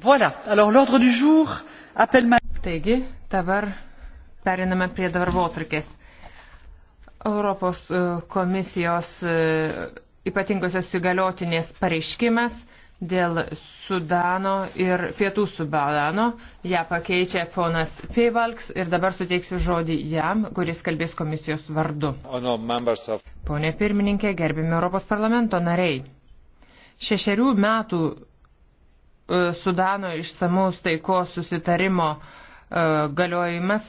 Voilà. Alors, l'ordre du jour appelle ma... Taigi, dabar periname prie darbotrukės. Europos e, komisijos e, ypatingosios įgaliotinės pareiškimas dėl Sudano ir Pietų Sudano. Ja pakeičia ponas Pievalks ir dabar suteiksiu žodį jam, kuris kalbės komisijos vardu. Pone pirmininkė, gerbimi Europos parlamento nariai. Šešerių metų E, Sudano išsamaus taikos susitarimo e, galiojimas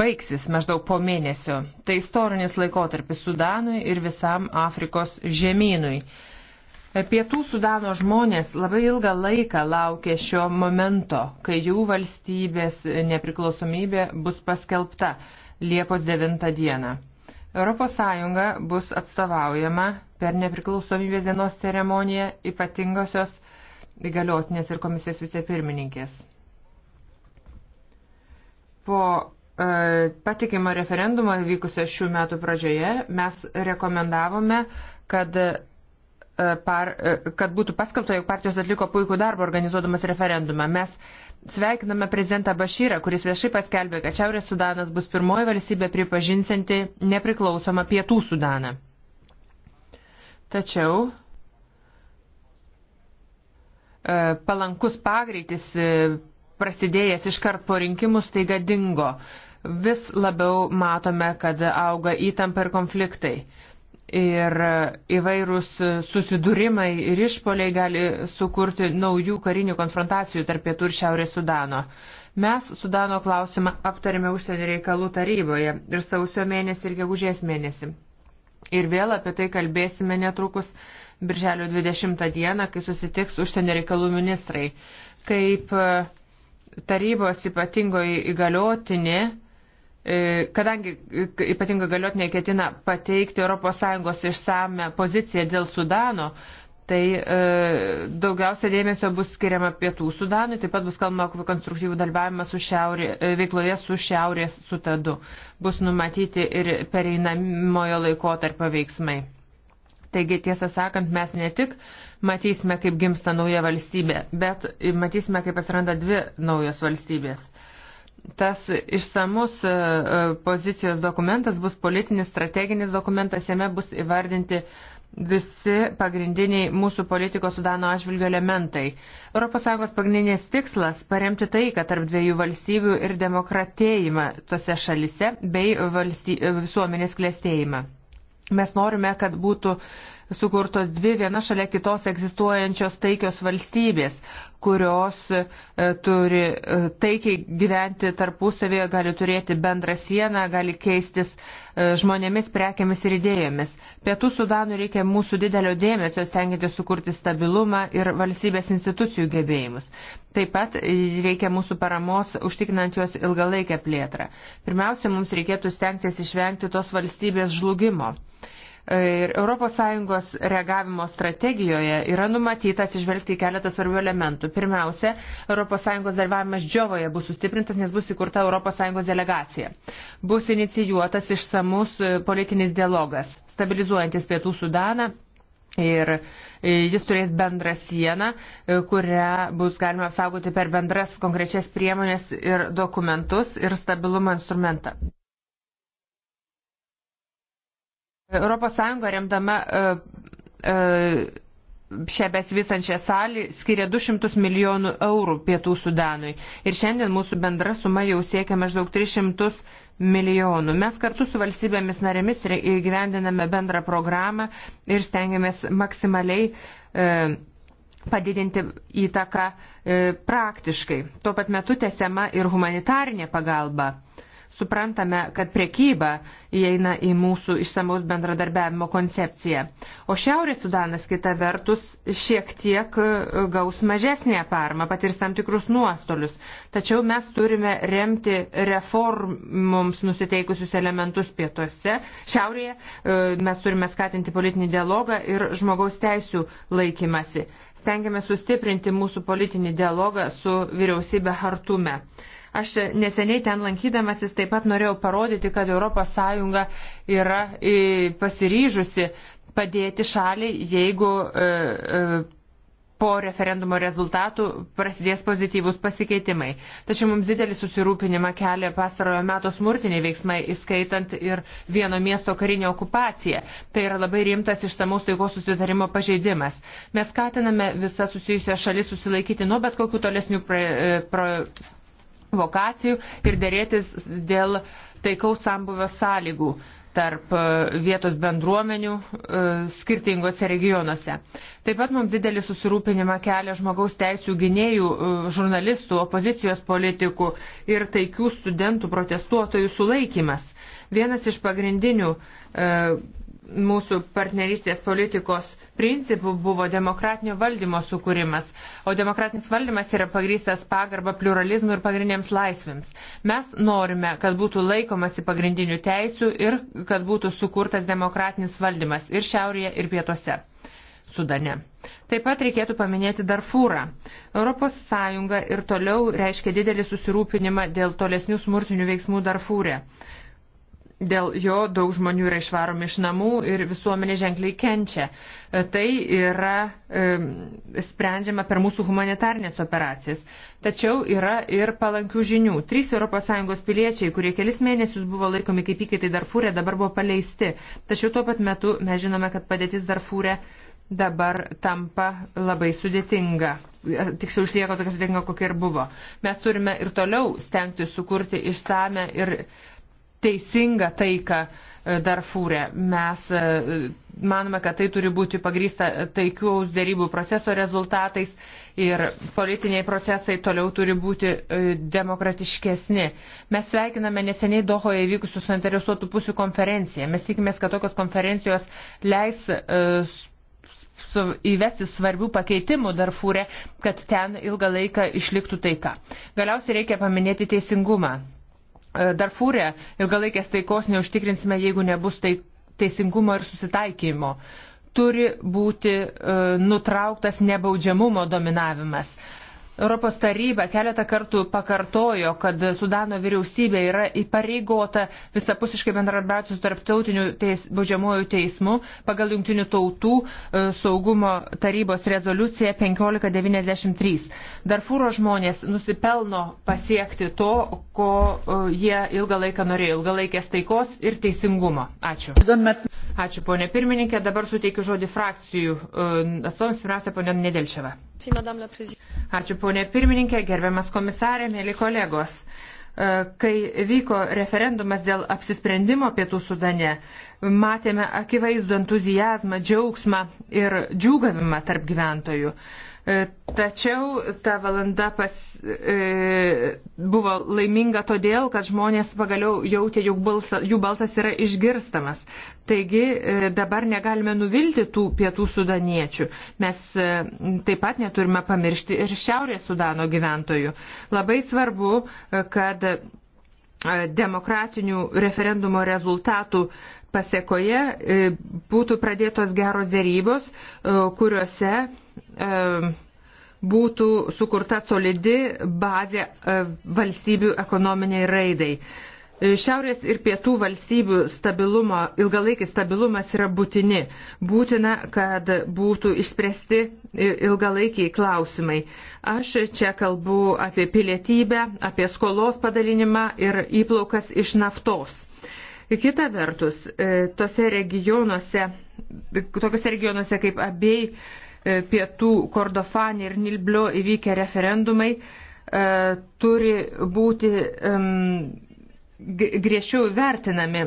baigsis maždaug po mėnesio. Tai istorinis laikotarpis Sudanui ir visam Afrikos žemynui. E, pietų Sudano žmonės labai ilgą laiką laukė šio momento, kai jų valstybės nepriklausomybė bus paskelbta Liepos 9 dieną. ES bus atstovaujama per nepriklausomybės dienos ceremoniją ypatingosios įgaliotinės ir komisijos vicepirmininkės. Po e, patikimo referendumo vykusio šių metų pradžioje mes rekomendavome, kad, e, par, e, kad būtų paskelbta, jog partijos atliko puikų darbą organizuodamas referendumą. Mes sveikiname prezidentą Bašyrą, kuris viešai paskelbė, kad Šiaurės Sudanas bus pirmoji valstybė pripažinsianti nepriklausomą Pietų Sudaną. Tačiau E, palankus pagreitis e, prasidėjęs iškart po rinkimų staiga dingo. Vis labiau matome, kad auga įtampa ir konfliktai. Ir įvairūs susidūrimai ir išpoliai gali sukurti naujų karinių konfrontacijų tarp pietų ir šiaurės Sudano. Mes Sudano klausimą aptarėme užsienio reikalų taryboje ir sausio mėnesį ir gegužės mėnesį. Ir vėl apie tai kalbėsime netrukus Birželio 20 dieną, kai susitiks užsienio reikalų ministrai. Kaip e, tarybos ypatingoji įgaliotinė, e, kadangi e, ypatingo įgaliotinė ketina pateikti ES išsame poziciją dėl Sudano, tai e, daugiausia dėmesio bus skiriama pietų Sudanui, taip pat bus kalbama apie konstruktyvų dalyvavimą su šiaurė, e, veikloje su šiaurės sutadu. Bus numatyti ir pereinamojo laiko tarp veiksmai. Taigi, tiesą sakant, mes ne tik matysime, kaip gimsta nauja valstybė, bet matysime, kaip atsiranda dvi naujos valstybės tas išsamus e, e, pozicijos dokumentas bus politinis strateginis dokumentas, jame bus įvardinti visi pagrindiniai mūsų politikos sudano atžvilgių elementai. ES pagrindinės tikslas - paremti taiką tarp dviejų valstybių ir demokratėjimą tose šalise bei valsty, visuomenės klėstėjimą. Mes norime, kad būtų sukurtos dvi viena šalia kitos egzistuojančios taikios valstybės, kurios e, turi e, taikiai gyventi tarpusavėje, gali turėti bendrą sieną, gali keistis e, žmonėmis, prekiamis ir idėjomis. Pietų Sudanų reikia mūsų didelio dėmesio stengianti sukurti stabilumą ir valstybės institucijų gebėjimus. Taip pat reikia mūsų paramos užtikrinant juos ilgalaikę plėtrą. Pirmiausia, mums reikėtų stengtis išvengti tos valstybės žlugimo. Ir ES reagavimo strategijoje yra numatyta atsižvelgti į keletą svarbių elementų. Pirmiausia, ES dalyvavimas Džiovoje bus sustiprintas, nes bus įkurta ES delegacija. Bus inicijuotas išsamus politinis dialogas, stabilizuojantis Pietų Sudaną. Ir e, jis turės bendrą sieną, e, kurią bus galima apsaugoti per bendras konkrečias priemonės ir dokumentus ir stabilumo instrumentą. Europos Sąjunga remdama e, e, šią besvisančią salį skiria 200 milijonų eurų pietų Sudanui. Ir šiandien mūsų bendra suma jau siekia maždaug 300 milijonų. Mes kartu su valstybėmis narėmis įgyvendiname bendrą programą ir stengiamės maksimaliai e, padidinti įtaką e, praktiškai. Tuo pat metu tesiama ir humanitarinė pagalba. E, Suprantame, kad priekyba įeina į mūsų išsamaus bendradarbiavimo koncepciją. O Šiaurės Sudanas kita vertus šiek tiek e, gaus mažesnę parmą, patirs tam tikrus nuostolius. Tačiau mes turime remti reformoms nusiteikusius elementus pietuose, šiaurėje, e, mes turime skatinti politinį dialogą ir žmogaus teisų laikymasi. Stengiame sustiprinti mūsų politinį dialogą su vyriausybė Hartume. Aš neseniai ten lankydamasis taip pat norėjau parodyti, kad ES yra e, pasiryžusi padėti šaliai, jeigu e, e, po referendumo rezultatų prasidės pozityvūs pasikeitimai. Tačiau mums didelį susirūpinimą kelia pasarojo meto smurtiniai veiksmai, įskaitant ir vieno miesto karinė okupacija. Tai yra labai rimtas išsamaus taikos susidarimo pažeidimas. Mes skatiname visą susijusią šalį susilaikyti nuo bet kokių tolesnių pra, pra, vokacijų ir dėrėtis dėl taikaus sambuvio sąlygų tarp e, vietos bendruomenių e, skirtingose regionuose. Taip pat mums didelį susirūpinimą kelia žmogaus teisų gynėjų, e, žurnalistų, opozicijos politikų ir taikių studentų protestuotojų sulaikimas. Vienas iš pagrindinių mūsų partnerystės politikos principų buvo demokratinio valdymo sukūrimas, o demokratinis valdymas yra pagrystas pagarba pluralizmui ir pagrindiniams laisvėms. Mes norime, kad būtų laikomasi pagrindinių teisių ir kad būtų sukurtas demokratinis valdymas ir šiaurėje, ir pietuose. Sudane. Taip pat reikėtų paminėti Darfūrą. ES ir toliau reiškia didelį susirūpinimą dėl tolesnių smurtinių veiksmų Darfūrė. E. Dėl jo daug žmonių yra išvaromi iš namų ir visuomenė ženkliai kenčia. E, tai yra e, sprendžiama per mūsų humanitarnės operacijas. Tačiau yra ir palankių žinių. Trys ES piliečiai, kurie kelis mėnesius buvo laikomi kaip įkaitai Darfūrė, dabar buvo paleisti. Tačiau tuo pat metu mes žinome, kad padėtis Darfūrė dabar tampa labai sudėtinga e, tiksliau išlieka tokia sudėtinga, kokia ir buvo. Mes turime ir toliau stengti sukurti išsame ir teisingą taiką e, Darfūrė. Mes e, manome, kad tai turi būti pagrįsta taikiaus dėrybų proceso rezultatais ir politiniai procesai toliau turi būti e, demokratiškesni. Mes sveikiname neseniai Dohoje įvykusių suinteresuotų pusių konferenciją. Mes tikimės, kad tokios konferencijos leis su, įvesti svarbių pakeitimų Darfūrė, kad ten ilgą laiką išliktų taika. Galiausiai reikia paminėti teisingumą. E, Darfūrė ilgalaikės taikos neužtikrinsime, jeigu nebus tai, teisingumo ir susitaikymo. Turi būti e, nutrauktas nebaudžiamumo dominavimas. Europos taryba keletą kartų pakartojo, kad Sudano vyriausybė yra įpareigota visapusiškai bendradarbiauti su tarptautiniu teis, baudžiamuoju teismu pagal Junktinių tautų e, saugumo tarybos rezoliuciją 1593. Darfūro žmonės nusipelno pasiekti to, ko e, jie ilgą laiką norėjo - ilgalaikės taikos ir teisingumo. Ačiū. Ačiū, ponė pirmininkė. Dabar suteikiu žodį frakcijų e, atstovams, pirmiausia, ponė Nedelčiava. Madame la Présidente. Ačiū ponė pirmininkė, gerbiamas komisarė, mėly kolegos. E, kai vyko referendumas dėl apsisprendimo pietų sudane, matėme akivaizdų entuzijazmą, džiaugsmą ir džiūgavimą tarp gyventojų. E, tačiau ta valanda pas, e, buvo laiminga todėl, kad žmonės pagaliau jautė, jog balsa, jų balsas yra išgirstamas. Taigi e, dabar negalime nuvilti tų pietų sudaniečių. Mes e, taip pat neturime pamiršti ir šiaurės sudano gyventojų. Labai svarbu, e, kad e, demokratinių referendumo rezultatų e, Pasekoje e, būtų pradėtos geros dėrybos, e, kuriuose e, būtų sukurta solidi bazė valstybių ekonominiai raidai. Šiaurės ir pietų valstybių stabilumo, ilgalaikis stabilumas yra būtini. Būtina, kad būtų išspręsti ilgalaikiai klausimai. Aš čia kalbu apie pilietybę, apie skolos padalinimą ir įplaukas iš naftos. Kita vertus, e, tose regionuose, tokiuose regionuose kaip abiej, pietų Kordofanė ir Nilblio įvykę referendumai e, turi būti griežčiau vertinami,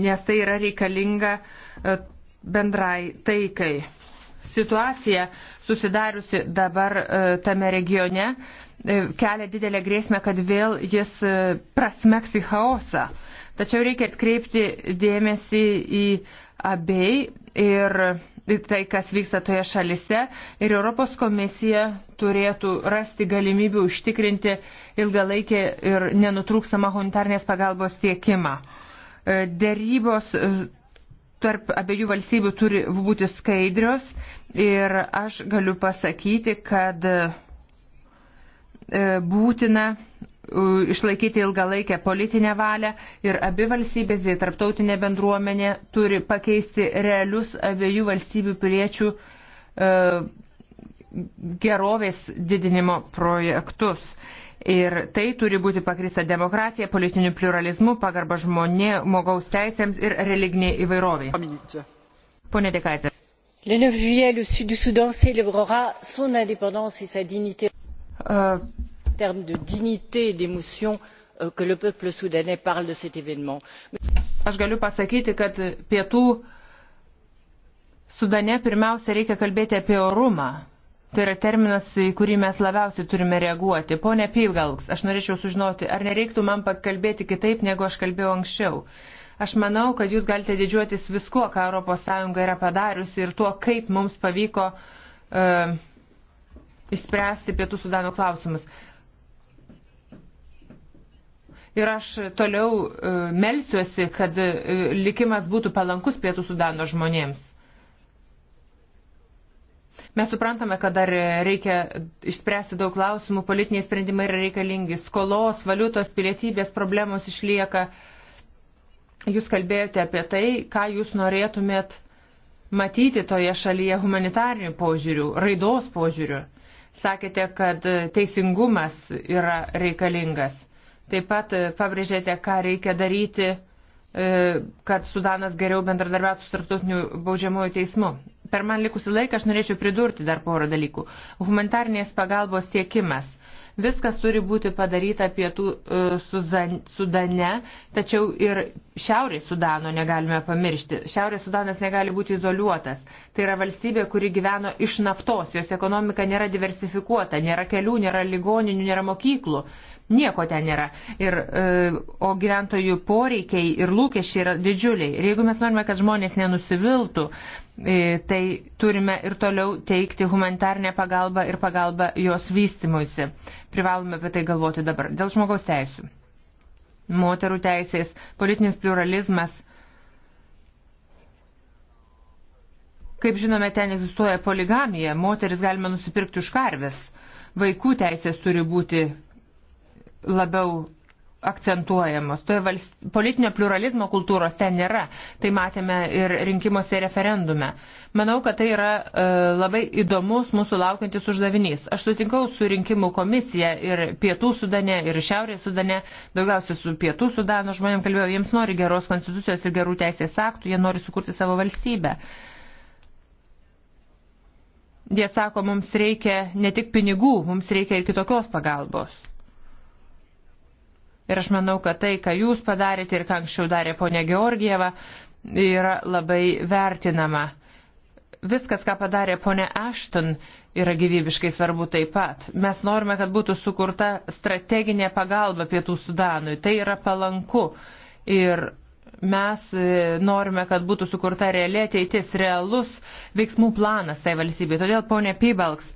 nes tai yra reikalinga e, bendrai taikai. Situacija susidariusi dabar tame regione kelia didelę grėsmę, kad vėl jis prasmeks į chaosą. Tačiau reikia atkreipti dėmesį į abiej ir tai, kas vyksta toje šalise. Ir Europos komisija turėtų rasti galimybių užtikrinti ilgalaikį ir nenutrūksamą humanitarnės pagalbos tiekimą. E, dėrybos e, tarp abiejų valstybių turi būti skaidrios ir aš galiu pasakyti, kad e, būtina išlaikyti ilgalaikę politinę valią ir abi valstybės, tai tarptautinė bendruomenė turi pakeisti realius abiejų valstybių piliečių e, gerovės didinimo projektus. Ir tai turi būti pakrista demokratija, politiniu pluralizmu, pagarba žmonė, mogaus teisėms ir religiniai įvairoviai. Pone Dekaitė. Le 9 juillet, le sud du Soudan célébrera son indépendance et sa dignité. Uh, termes de dignité et d'émotion euh, que le peuple soudanais parle de cet événement. Aš galiu pasakyti, kad pietų Sudane pirmiausia reikia kalbėti apie orumą. Tai yra terminas, į kurį mes labiausiai turime reaguoti. Pone Pygalks, aš norėčiau sužinoti, ar nereiktų man pakalbėti kitaip, negu aš kalbėjau anksčiau. Aš manau, kad jūs galite didžiuotis viskuo, ką ES yra padariusi ir tuo, kaip mums pavyko uh, išspręsti pietų sudano klausimus ir aš toliau e, melsiuosi, kad e, likimas būtų palankus pietų sudano žmonėms. Mes suprantame, kad dar reikia išspręsti daug klausimų, politiniai sprendimai yra reikalingi, skolos, valiutos, pilietybės problemos išlieka. Jūs kalbėjote apie tai, ką jūs norėtumėt matyti toje šalyje humanitarinių požiūrių, raidos požiūrių. Sakėte, kad teisingumas yra reikalingas Taip pat e, pabrėžėte, ką reikia daryti, e, kad Sudanas geriau bendradarbiautų su tarptautiniu baudžiamuoju teismu. Per man likusi laiką aš norėčiau pridurti dar porą dalykų. Humanitarnės pagalbos tiekimas. Viskas turi būti padaryta pietų e, Sudane, tačiau ir Šiaurės Sudano negalime pamiršti. Šiaurės Sudanas negali būti izoliuotas. Tai yra valstybė, kuri gyveno iš naftos, jos ekonomika nėra diversifikuota, nėra kelių, nėra ligoninių, nėra mokyklų. Nieko ten nėra. Ir, e, o gyventojų poreikiai ir lūkesčiai yra didžiuliai. Ir jeigu mes norime, kad žmonės nenusiviltų, E, tai turime ir toliau teikti humanitarnę pagalbą ir pagalbą jos vystimuisi. Privalome apie tai galvoti dabar. Dėl žmogaus teisų. Moterų teisės, politinis pluralizmas. Kaip žinome, ten egzistuoja poligamija. Moteris galima nusipirkti už karvės. Vaikų teisės turi būti labiau akcentuojamos. Toje valst... politinio pluralizmo kultūros ten nėra. Tai matėme ir rinkimuose ir referendume. Manau, kad tai yra e, labai įdomus mūsų laukiantis uždavinys. Aš sutinkau su rinkimų komisija ir pietų sudane, ir šiaurės sudane, daugiausiai su pietų sudano žmonėm kalbėjau, jiems nori geros konstitucijos ir gerų teisės aktų, jie nori sukurti savo valstybę. Jie sako, mums reikia ne tik pinigų, mums reikia ir kitokios pagalbos. Ir aš manau, kad tai, ką jūs padarėte ir ką anksčiau darė ponia Georgieva, yra labai vertinama. Viskas, ką padarė ponia Ashton, yra gyvybiškai svarbu taip pat. Mes norime, kad būtų sukurta strateginė pagalba pietų Sudanui. Tai yra palanku. Ir mes e, norime, kad būtų sukurta realiai ateitis, realus veiksmų planas tai valstybei. Todėl, ponė Pybalks,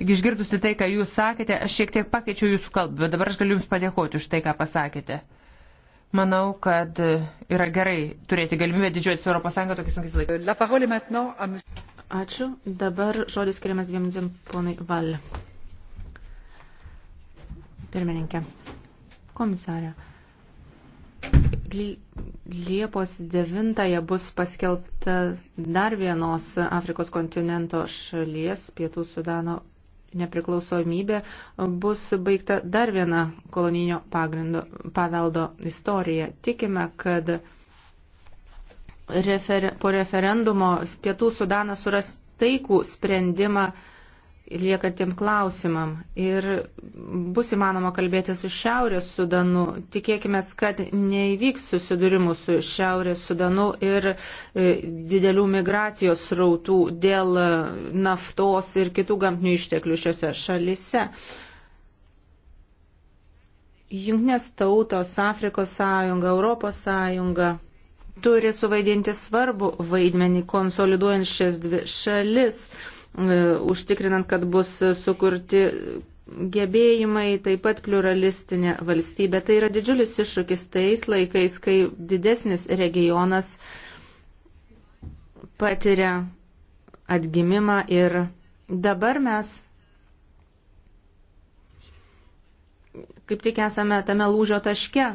Išgirdusi tai, ką jūs sakėte, aš šiek tiek pakeičiau jūsų kalbą, bet dabar aš galiu jums padėkoti už tai, ką pasakėte. Manau, kad e, yra gerai turėti galimybę didžiuotis Europos Sąjungą tokiais sunkiais laikais. Ačiū. Dabar žodis skiriamas dviem minutėm ponai Val. Pirmininkė. Komisarė. Liepos 9 bus paskelbta dar vienos Afrikos kontinento šalies, Pietų Sudano nepriklausomybę bus baigta dar viena kolonijinio pagrindo paveldo istorija. Tikime, kad refer, po referendumo Pietų Sudanas suras taikų sprendimą liekantiem klausimam. Ir bus įmanoma kalbėti su Šiaurės Sudanu. Tikėkime, kad neįvyks susidūrimų su Šiaurės Sudanu ir e, didelių migracijos rautų dėl e, naftos ir kitų gamtinių išteklių šiuose šalise. Junknės tautos, Afrikos sąjunga, Europos sąjunga turi suvaidinti svarbu vaidmenį konsoliduojant šias dvi šalis E, užtikrinant, kad bus sukurti gebėjimai, taip pat pluralistinė valstybė. Tai yra didžiulis iššūkis tais laikais, kai didesnis regionas patiria atgimimą ir dabar mes kaip tik esame tame lūžio taške.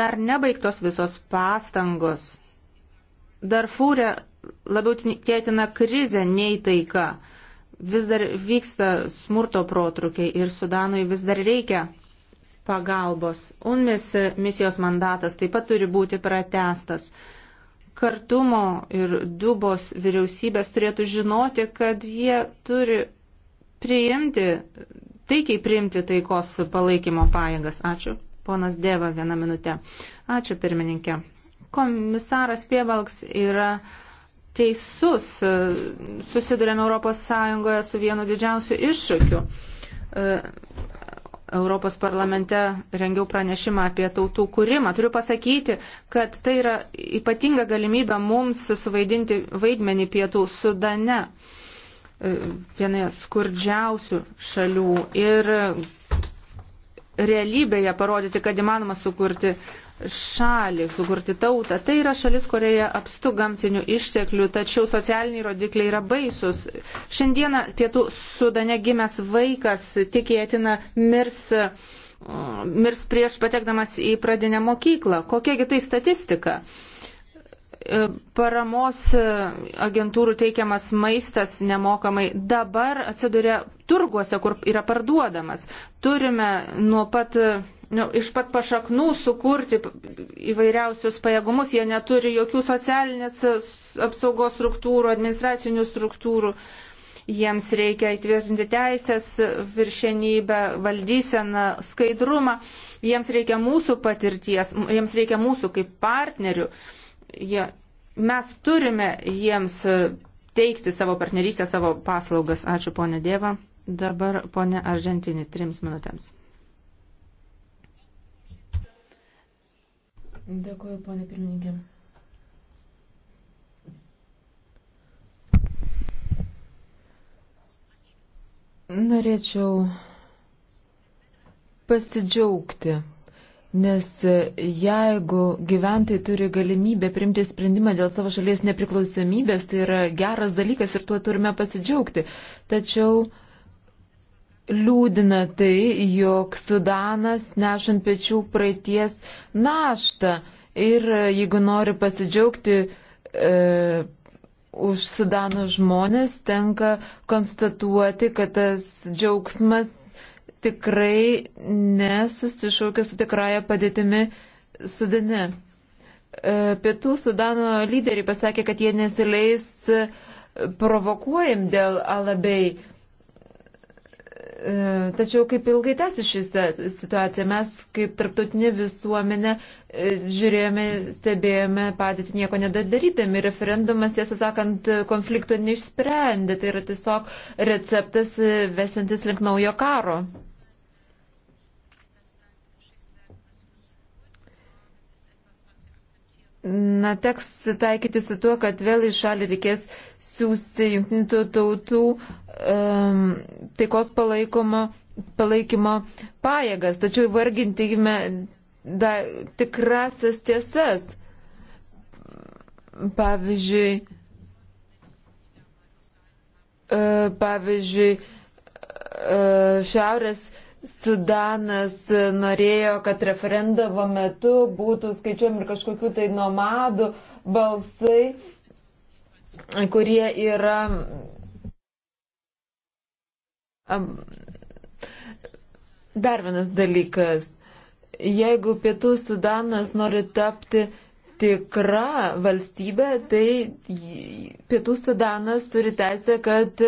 Dar nebaigtos visos pastangos. Darfūrė labiau tikėtina krizė nei taika. Vis dar vyksta smurto protrukiai ir Sudanui vis dar reikia pagalbos. UNMIS misijos mandatas taip pat turi būti pratestas. Kartumo ir Dubos vyriausybės turėtų žinoti, kad jie turi priimti, taikiai priimti taikos palaikymo pajėgas. Ačiū. Ponas Dėva, vieną minutę. Ačiū pirmininkė. Komisaras Pievalks yra teisus. E, Susidurėme Europos Sąjungoje su vienu didžiausiu iššūkiu. E, Europos parlamente rengiau pranešimą apie tautų kūrimą. Turiu pasakyti, kad tai yra ypatinga galimybė mums suvaidinti vaidmenį pietų Sudane, e, vienoje skurdžiausių šalių ir realybėje parodyti, kad įmanoma sukurti šalį, sukurti tautą. Tai yra šalis, kurioje apstu gamtinių išteklių, tačiau socialiniai rodikliai yra baisus. Šiandieną pietų sudane gimęs vaikas tikėtina mirs mirs prieš patekdamas į pradinę mokyklą. Kokiagi tai statistika? paramos agentūrų teikiamas maistas nemokamai dabar atsiduria turguose, kur yra parduodamas. Turime nuo pat nu, iš pat pašaknų sukurti įvairiausius pajėgumus, jie neturi jokių socialinės apsaugos struktūrų, administracinių struktūrų. Jiems reikia įtvirtinti teisės viršenybę, valdyseną, skaidrumą. Jiems reikia mūsų patirties, jiems reikia mūsų kaip partnerių. Jie, mes turime jiems teikti savo partnerystę, savo paslaugas. Ačiū, ponė Dėva. Dabar ponė Argentinė, trims minutėms. Dėkuoju, ponė pirmininkė. Norėčiau pasidžiaugti, nes jeigu gyventojai turi galimybę primti sprendimą dėl savo šalies nepriklausomybės, tai yra geras dalykas ir tuo turime pasidžiaugti. Tačiau liūdina tai, jog Sudanas nešant pečių praeities naštą ir e, jeigu nori pasidžiaugti e, už Sudano žmonės, tenka konstatuoti, kad tas džiaugsmas tikrai nesusišaukia su tikraja padėtimi Sudane. E, pietų Sudano lyderiai pasakė, kad jie nesileis provokuojam dėl alabei E, tačiau kaip ilgai tęsi šį situaciją, mes kaip tarptautinė visuomenė e, žiūrėjome, stebėjome padėtį nieko nedarydami. Referendumas, tiesą sakant, konflikto neišsprendė. Tai yra tiesiog receptas e, vesantis link naujo karo. Na, teks taikyti su tuo, kad vėl į šalį reikės siūsti jungtinių tautų um, taikos palaikomo, palaikymo pajėgas, tačiau įvargintikime da, tikrasias tiesas. Pavyzdžiui, uh, pavyzdžiui, uh, šiaurės uh, Sudanas norėjo, kad referendumo metu būtų skaičiuojami ir kažkokių tai nomadų balsai, kurie yra Dar vienas dalykas. Jeigu Pietų Sudanas nori tapti tikra valstybė, tai Pietų Sudanas turi teisę, kad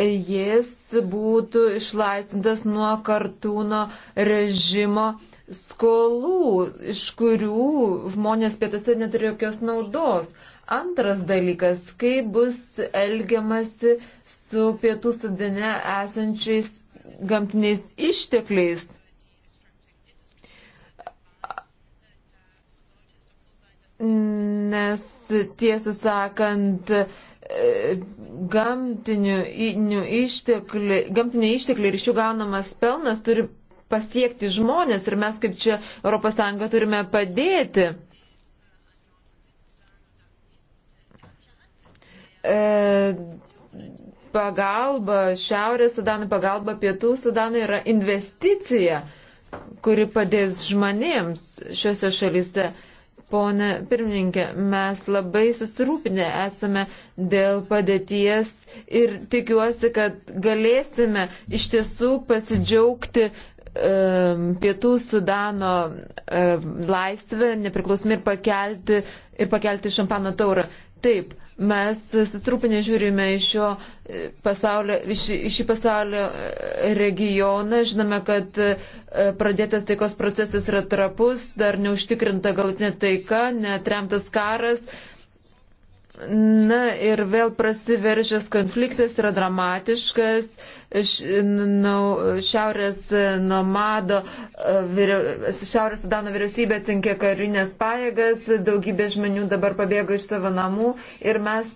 jis būtų išlaisvintas nuo kartūno režimo skolų, iš kurių žmonės pietose neturi jokios naudos. Antras dalykas, kaip bus elgiamasi su pietų sudane esančiais gamtiniais ištekliais. Nes tiesą sakant, gamtinių išteklių, gamtinių išteklių ir iš jų gaunamas pelnas turi pasiekti žmonės ir mes kaip čia ES turime padėti. E, pagalba Šiaurės Sudanui, pagalba Pietų Sudanui yra investicija, kuri padės žmonėms šiuose šalyse. Pone pirmininkė, mes labai susirūpinę esame dėl padėties ir tikiuosi, kad galėsime iš tiesų pasidžiaugti e, Pietų Sudano e, laisvę, nepriklausomį ir pakelti, ir pakelti šampano taurą. Taip, Mes susirūpinę žiūrime iš šio e, pasaulio, iš, iš šį pasaulio e, regioną. Žinome, kad e, pradėtas taikos procesas yra trapus, dar neužtikrinta galutinė taika, netremtas karas. Na ir vėl prasiveržęs konfliktas yra dramatiškas. E, šiaurės nomado, e, šiaurės Sudano vyriausybė atsinkė karinės pajėgas, daugybė žmonių dabar pabėgo iš savo namų ir mes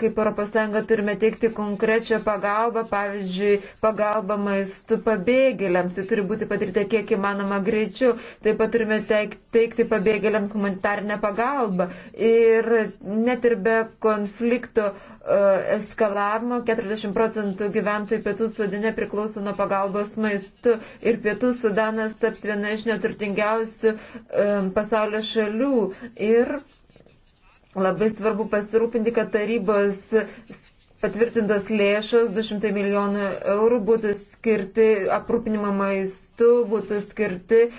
kaip ES turime teikti konkrečią pagalbą, pavyzdžiui, pagalbą maistu pabėgėliams, tai turi būti padaryta kiek įmanoma greičiau, taip pat turime teikti pabėgėliams humanitarinę pagalbą ir net ir be konflikto uh, E, eskalavimo 40 procentų gyventojų pietų sudane priklauso nuo pagalbos maistu ir pietų sudanas taps viena iš neturtingiausių e, pasaulio šalių ir labai svarbu pasirūpinti, kad tarybos patvirtintos lėšos 200 milijonų eurų būtų skirti aprūpinimo maistu, būtų skirti e,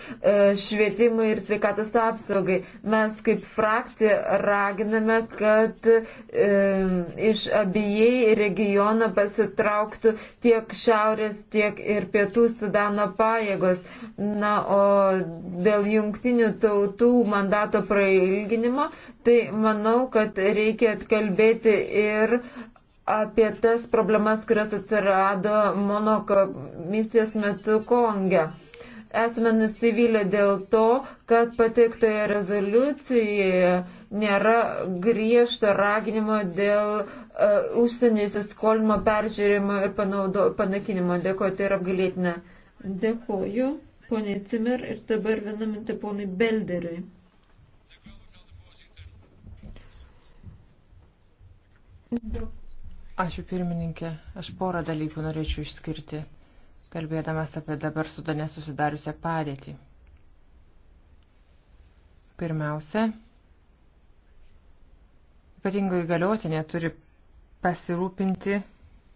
švietimui ir sveikatos apsaugai. Mes kaip frakcija raginame, kad e, iš abiejai regiono pasitrauktų tiek šiaurės, tiek ir pietų Sudano pajėgos. Na, o dėl jungtinių tautų mandato prailginimo, tai manau, kad reikia atkalbėti ir e, apie tas problemas, kurios atsirado Monoko misijos metu Konge. Esame nusivylę dėl to, kad pateiktoje rezoliucijoje nėra griežto raginimo dėl uh, užsienio įsiskolimo peržiūrimo ir panaudo, panakinimo. Dėkuoju, tai yra apgalėtina. Dėkuoju, poniai Cimer, ir dabar vieną mintį ponui Belderiui. Dėkuoju. Ačiū pirmininkė. Aš porą dalykų norėčiau išskirti, kalbėdamas apie dabar sudane susidariusią padėtį. Pirmiausia, ypatingo įgaliotinė turi pasirūpinti,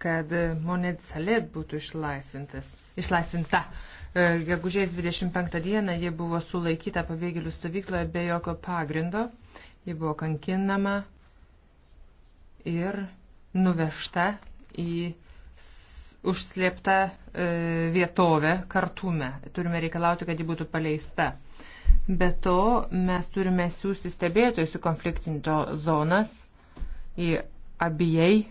kad Moned Salėt būtų išlaisvinta. E, gegužės 25 dieną ji buvo sulaikyta pabėgėlių stovykloje be jokio pagrindo, ji buvo kankinama ir nuvežta į užslėptą e, vietovę kartume. Turime reikalauti, kad ji būtų paleista. Be to, mes turime siūsti stebėtojus į konfliktinto zonas, į abiejai.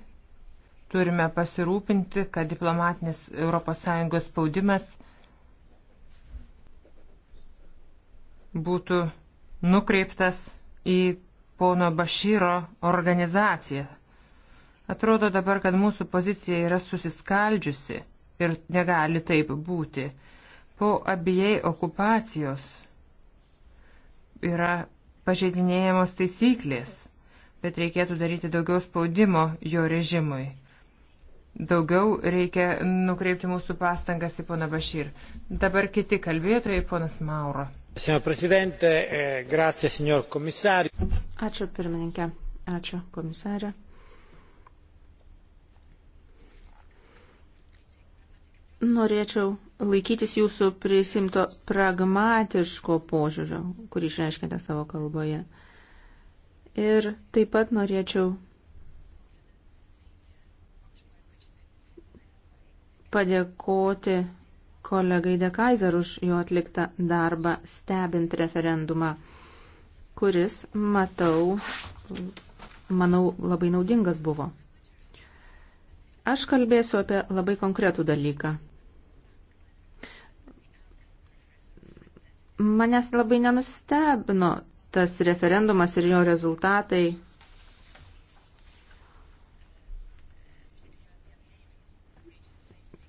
Turime pasirūpinti, kad diplomatinis ES spaudimas būtų nukreiptas į pono Bašyro organizaciją, Atrodo dabar, kad mūsų pozicija yra susiskaldžiusi ir negali taip būti. Po abiejai okupacijos yra pažeidinėjamos taisyklės, bet reikėtų daryti daugiau spaudimo jo režimui. Daugiau reikia nukreipti mūsų pastangas į poną Bašyr. Dabar kiti kalbėtojai, ponas Mauro. Eh, ačiū pirmininkė, ačiū komisarė. Norėčiau laikytis jūsų prisimto pragmatiško požiūrio, kurį išreiškite savo kalboje. Ir taip pat norėčiau padėkoti kolegai De Kaiser už jo atliktą darbą stebint referendumą, kuris, matau, manau, labai naudingas buvo. Aš kalbėsiu apie labai konkretų dalyką Manęs labai nenustebino tas referendumas ir jo rezultatai.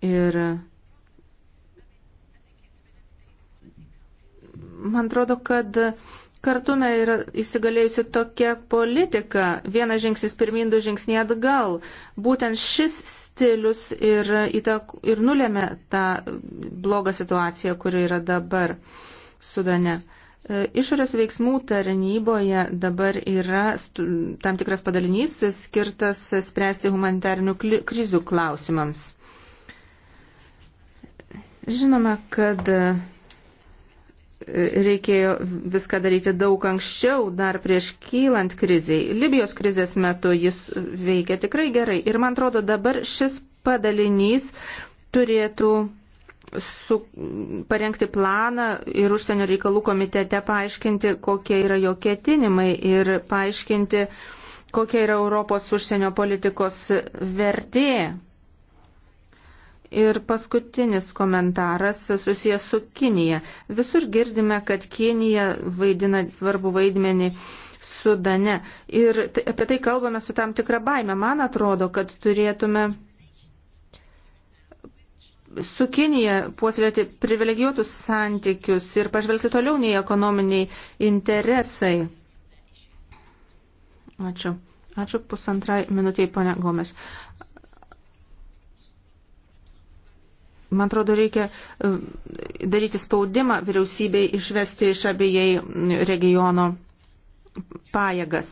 Ir man atrodo, kad kartume yra įsigalėjusi tokia politika, vienas žingsnis pirmin, du žingsniai atgal. Būtent šis stilius ir, įtak, ir nulėmė tą blogą situaciją, kuri yra dabar. Sudane. E, išorės veiksmų tarnyboje dabar yra tam tikras padalinys skirtas spręsti humanitarinių krizių klausimams. Žinoma, kad e, reikėjo viską daryti daug anksčiau, dar prieš kylant kriziai. Libijos krizės metu jis veikia tikrai gerai ir man atrodo dabar šis padalinys turėtų su, parengti planą ir užsienio reikalų komitete paaiškinti, kokie yra jo ketinimai ir paaiškinti, kokia yra Europos užsienio politikos vertė. Ir paskutinis komentaras susijęs su Kinija. Visur girdime, kad Kinija vaidina svarbu vaidmenį Sudane. Ir apie tai kalbame su tam tikra baime. Man atrodo, kad turėtume su Kinija puoselėti privilegijuotus santykius ir pažvelgti toliau nei ekonominiai interesai. Ačiū. Ačiū pusantrai minutiai, ponia Gomes. Man atrodo, reikia e, daryti spaudimą vyriausybei išvesti iš abiejai regiono pajėgas,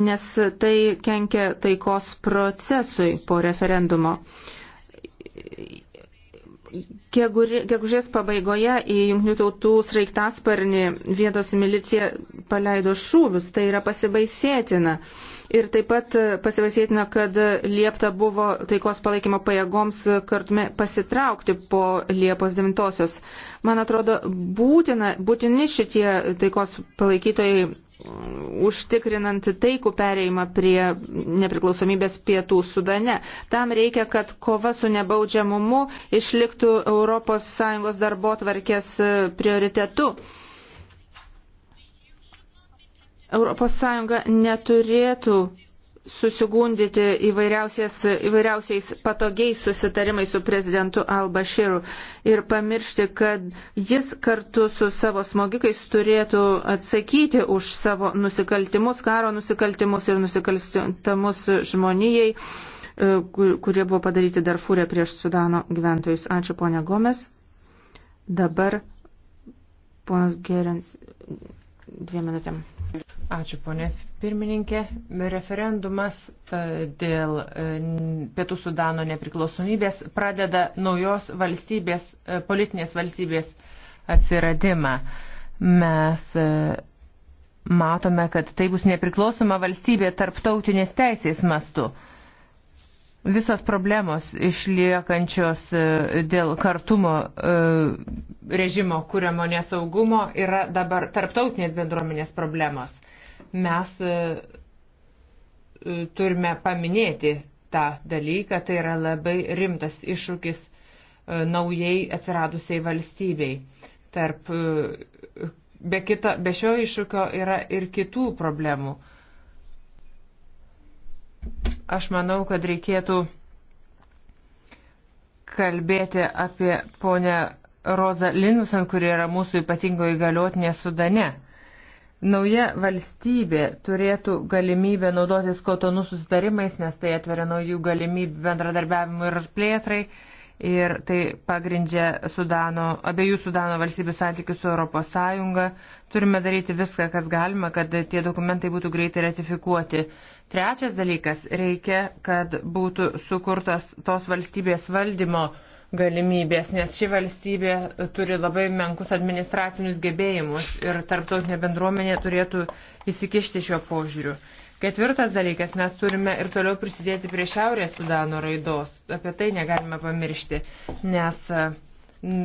nes tai kenkia taikos procesui po referendumo. Uh, Gegužės pabaigoje į jungtinių tautų sraigtasparnį vietos milicija paleido šūvius, tai yra pasibaisėtina. Ir taip pat pasibaisėtina, kad Liepta buvo taikos palaikymo pajėgoms kartume pasitraukti po Liepos 9-osios. Man atrodo, būtina, būtini šitie taikos palaikytojai užtikrinant taikų pereimą prie nepriklausomybės pietų Sudane. Tam reikia, kad kova su nebaudžiamumu išliktų ES darbo tvarkės e, prioritetu. ES neturėtų susigundyti įvairiausiais patogiais susitarimais su prezidentu Al-Bashiru ir pamiršti, kad jis kartu su savo smogikais turėtų atsakyti už savo nusikaltimus, karo nusikaltimus ir nusikaltimus žmonijai, e, kurie buvo padaryti Darfūrė prieš Sudano gyventojus. Ačiū, ponia Gomes. Dabar ponas Gerins dviem minutėm. Ačiū, ponė pirmininkė. Referendumas e, dėl e, Pietų Sudano nepriklausomybės pradeda naujos valstybės, e, politinės valstybės atsiradimą. Mes matome, kad tai bus nepriklausoma valstybė tarptautinės teisės mastu. Visos problemos išliekančios dėl kartumo režimo kūriamo nesaugumo yra dabar tarptautinės bendruomenės problemos mes e, e, turime paminėti tą dalyką, tai yra labai rimtas iššūkis e, naujai atsiradusiai valstybei. Tarp, be, kita, be šio iššūkio yra ir kitų problemų. Aš manau, kad reikėtų kalbėti apie ponę Roza Linusen, kuri yra mūsų ypatingo įgaliotinė Sudane. Nauja valstybė turėtų galimybę naudotis kotonų susitarimais, nes tai atveria naujų galimybių bendradarbiavimui ir plėtrai. Ir tai pagrindžia Sudano, abiejų Sudano valstybių santykius su ES. Turime daryti viską, kas galima, kad tie dokumentai būtų greitai ratifikuoti. Trečias dalykas - reikia, kad būtų sukurtos tos valstybės valdymo uh, galimybės, nes ši valstybė turi labai menkus administracinius gebėjimus ir tarptautinė bendruomenė turėtų įsikišti šiuo požiūriu. Ketvirtas dalykas, mes turime ir toliau prisidėti prie Šiaurės Sudano raidos. Apie tai negalime pamiršti, nes e,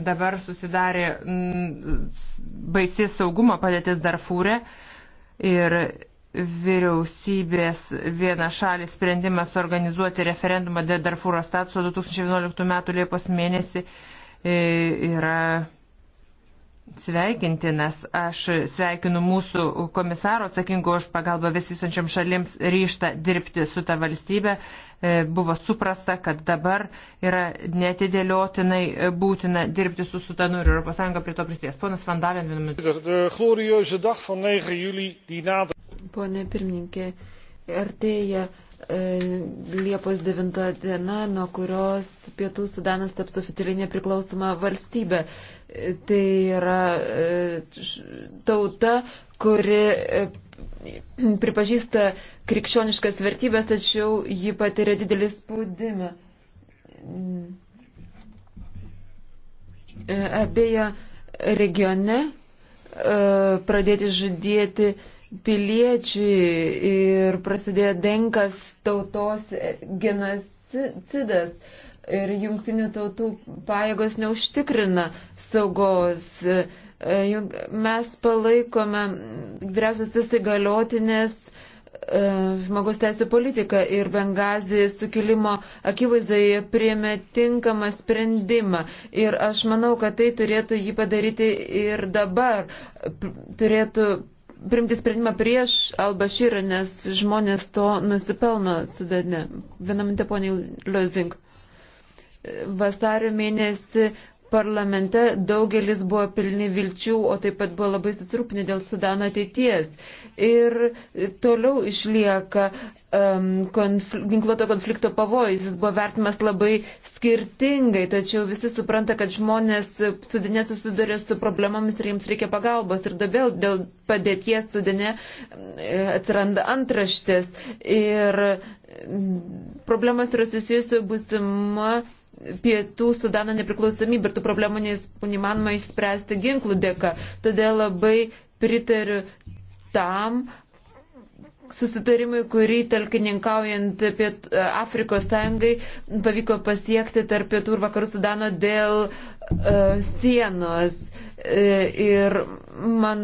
dabar susidarė baisi saugumo padėtis Darfūre ir vyriausybės viena šalis sprendimas organizuoti referendumą dėl Darfūro statuso 2011 m. Liepos mėnesį e, yra sveikintinas. Aš sveikinu mūsų komisaro atsakingo už pagalbą visisančiam šalims ryštą dirbti su ta valstybė. E, buvo suprasta, kad dabar yra netidėliotinai būtina dirbti su Sudanu ir ES prie to prisidės. Ponas Vandalin, vieną minutę. Pone pirmininkė, artėja e, Liepos 9 diena, nuo kurios Pietų Sudanas taps oficialiai nepriklausoma valstybė. Tai yra e, tauta, kuri e, pripažįsta krikščioniškas vertybės, tačiau ji patiria didelį spaudimą. E, Abieja regione pradėti žudėti piliečiai ir prasidėjo denkas tautos genocidas ir jungtinių tautų pajėgos neužtikrina saugos. E, e, mes palaikome vyriausiasis įgaliotinės e, žmogaus teisų politiką ir Bengazį sukilimo akivaizdoje priėmė tinkamą sprendimą. Ir aš manau, kad tai turėtų jį padaryti ir dabar. Turėtų primti sprendimą prieš Albašyrą, nes žmonės to nusipelno sudane. Vieną mintę, poniai Liozink vasario mėnesį parlamente daugelis buvo pilni vilčių, o taip pat buvo labai susirūpinę dėl Sudano ateities. Ir toliau išlieka um, konfl ginkluoto konflikto pavojus. Jis buvo vertimas labai skirtingai, tačiau visi supranta, kad žmonės sudinė susiduria su problemomis ir jiems reikia pagalbos. Ir dabar dėl padėties sudinė atsiranda antraštės. Ir problemas yra susijusi būsima pietų Sudano nepriklausomybę ir tų problemų neįmanoma išspręsti ginklų dėka. Todėl labai pritariu tam susitarimui, kurį talkininkaujant piet, Afrikos sąjungai pavyko pasiekti tarp pietų ir vakarų Sudano dėl uh, sienos. Uh, ir man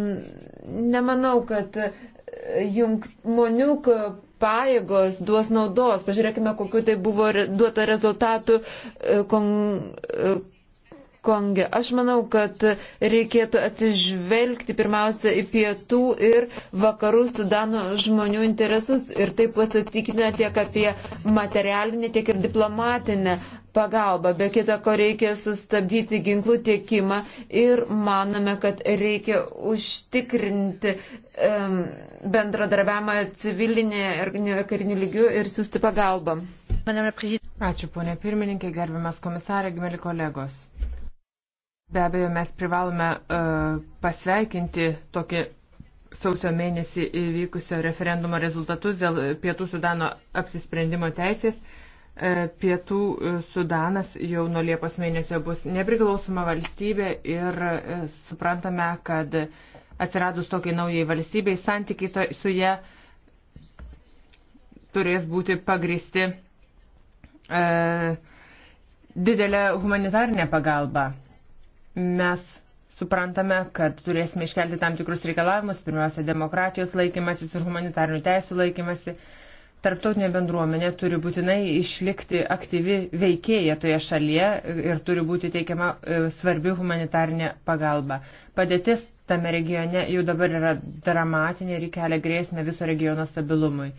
nemanau, kad e, jungmoniuk pajėgos duos naudos. Pažiūrėkime, kokiu tai buvo duota rezultatų e, kon, e, Konge. Aš manau, kad reikėtų atsižvelgti pirmiausia į pietų ir vakarų Sudano žmonių interesus ir taip pasitikinę tiek apie materialinę, tiek ir diplomatinę pagalbą. Be kita ko reikia sustabdyti ginklų tiekimą ir manome, kad reikia užtikrinti um, bendradarbiavimą civilinė ir karinį lygių ir siūsti pagalbą. Ačiū, ponė pirmininkė, gerbiamas komisarė, gimeli kolegos. Be abejo, mes privalome uh, pasveikinti tokį sausio mėnesį įvykusio referendumo rezultatus dėl Pietų Sudano apsisprendimo teisės. E, Pietų e, Sudanas jau nuo Liepos mėnesio bus nepriklausoma valstybė ir suprantame, kad atsiradus tokiai naujai valstybei, santykiai su ją turės būti pagristi e, didelę humanitarnę pagalbą mes suprantame, kad turėsime iškelti tam tikrus reikalavimus, pirmiausia, demokratijos laikymasis ir humanitarnių teisų laikymasi. Tarptautinė bendruomenė turi būtinai išlikti aktyvi veikėja toje šalyje ir turi būti teikiama e, svarbi humanitarinė pagalba. Padėtis tame regione jau dabar yra dramatinė ir kelia grėsmę viso regiono stabilumui.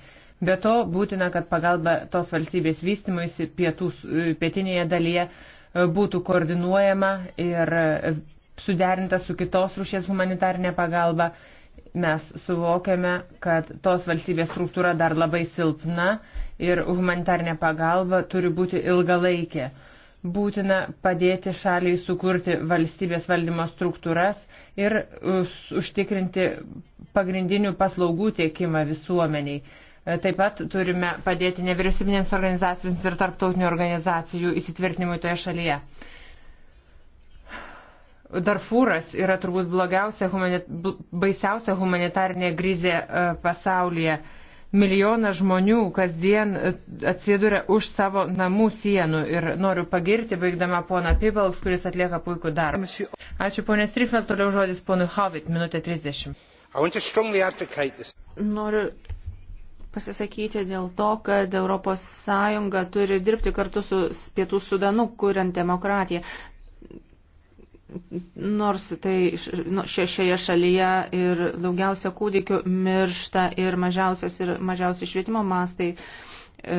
Be to būtina, kad pagalba tos valstybės vystimuisi e, pietinėje dalyje būtų koordinuojama ir suderinta su kitos rušies humanitarinė pagalba. Mes suvokiame, kad tos valstybės struktūra dar labai silpna ir humanitarinė pagalba turi būti ilgalaikė. Būtina padėti šaliai sukurti valstybės valdymo struktūras ir uh, užtikrinti pagrindinių paslaugų tiekimą visuomeniai E, taip pat turime padėti nevyriausybinėms organizacijoms ir tarptautinių organizacijų įsitvirtinimui toje šalyje. Darfūras yra turbūt blogiausia, humanit, baisiausia humanitarinė krizė e, pasaulyje. Milijonas žmonių kasdien e, atsiduria už savo namų sienų ir noriu pagirti, baigdama poną Pibals, kuris atlieka puikų darbą. Ačiū ponė Strifel, toliau žodis ponui Havit, minutė 30. Noriu pasisakyti dėl to, kad ES turi dirbti kartu su Pietų Sudanu, kuriant demokratiją. Nors tai nu, šioje šalyje ir daugiausia kūdikių miršta ir mažiausias, ir mažiausias švietimo mastai. Uh, E,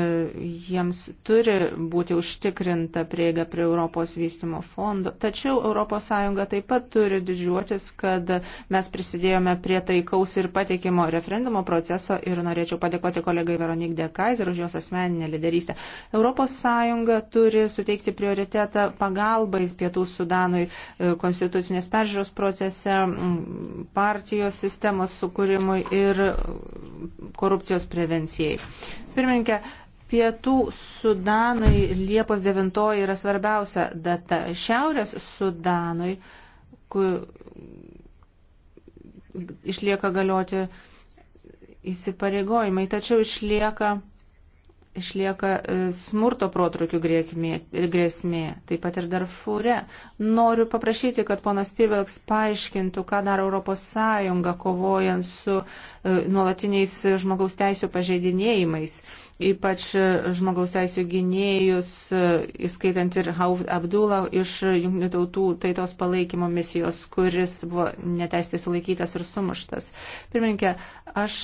jiems turi būti užtikrinta prieiga prie Europos vystimo fondo. Tačiau ES taip pat turi didžiuotis, kad mes prisidėjome prie taikaus ir patikimo referendumo proceso ir norėčiau padėkoti kolegai Veronik de Kaiser už jos asmeninę lyderystę. ES turi suteikti prioritetą pagalbai Pietų Sudanui e, konstitucinės peržiūros procese, partijos sistemos sukūrimui ir korupcijos prevencijai. Pirmininkė, Pietų Sudanui Liepos 9 yra svarbiausia data. Šiaurės Sudanui kur, išlieka galioti įsipareigojimai, tačiau išlieka išlieka e, smurto protrukių grėsmė, taip pat ir Darfūre. Noriu paprašyti, kad ponas Pivelks paaiškintų, ką daro ES kovojant su e, nuolatiniais žmogaus teisų pažeidinėjimais, ypač e, žmogaus teisų gynėjus, įskaitant ir Hauf Abdullah iš Junktinių tautų taitos palaikymo misijos, kuris buvo neteistai sulaikytas ir sumuštas. Pirmininkė, aš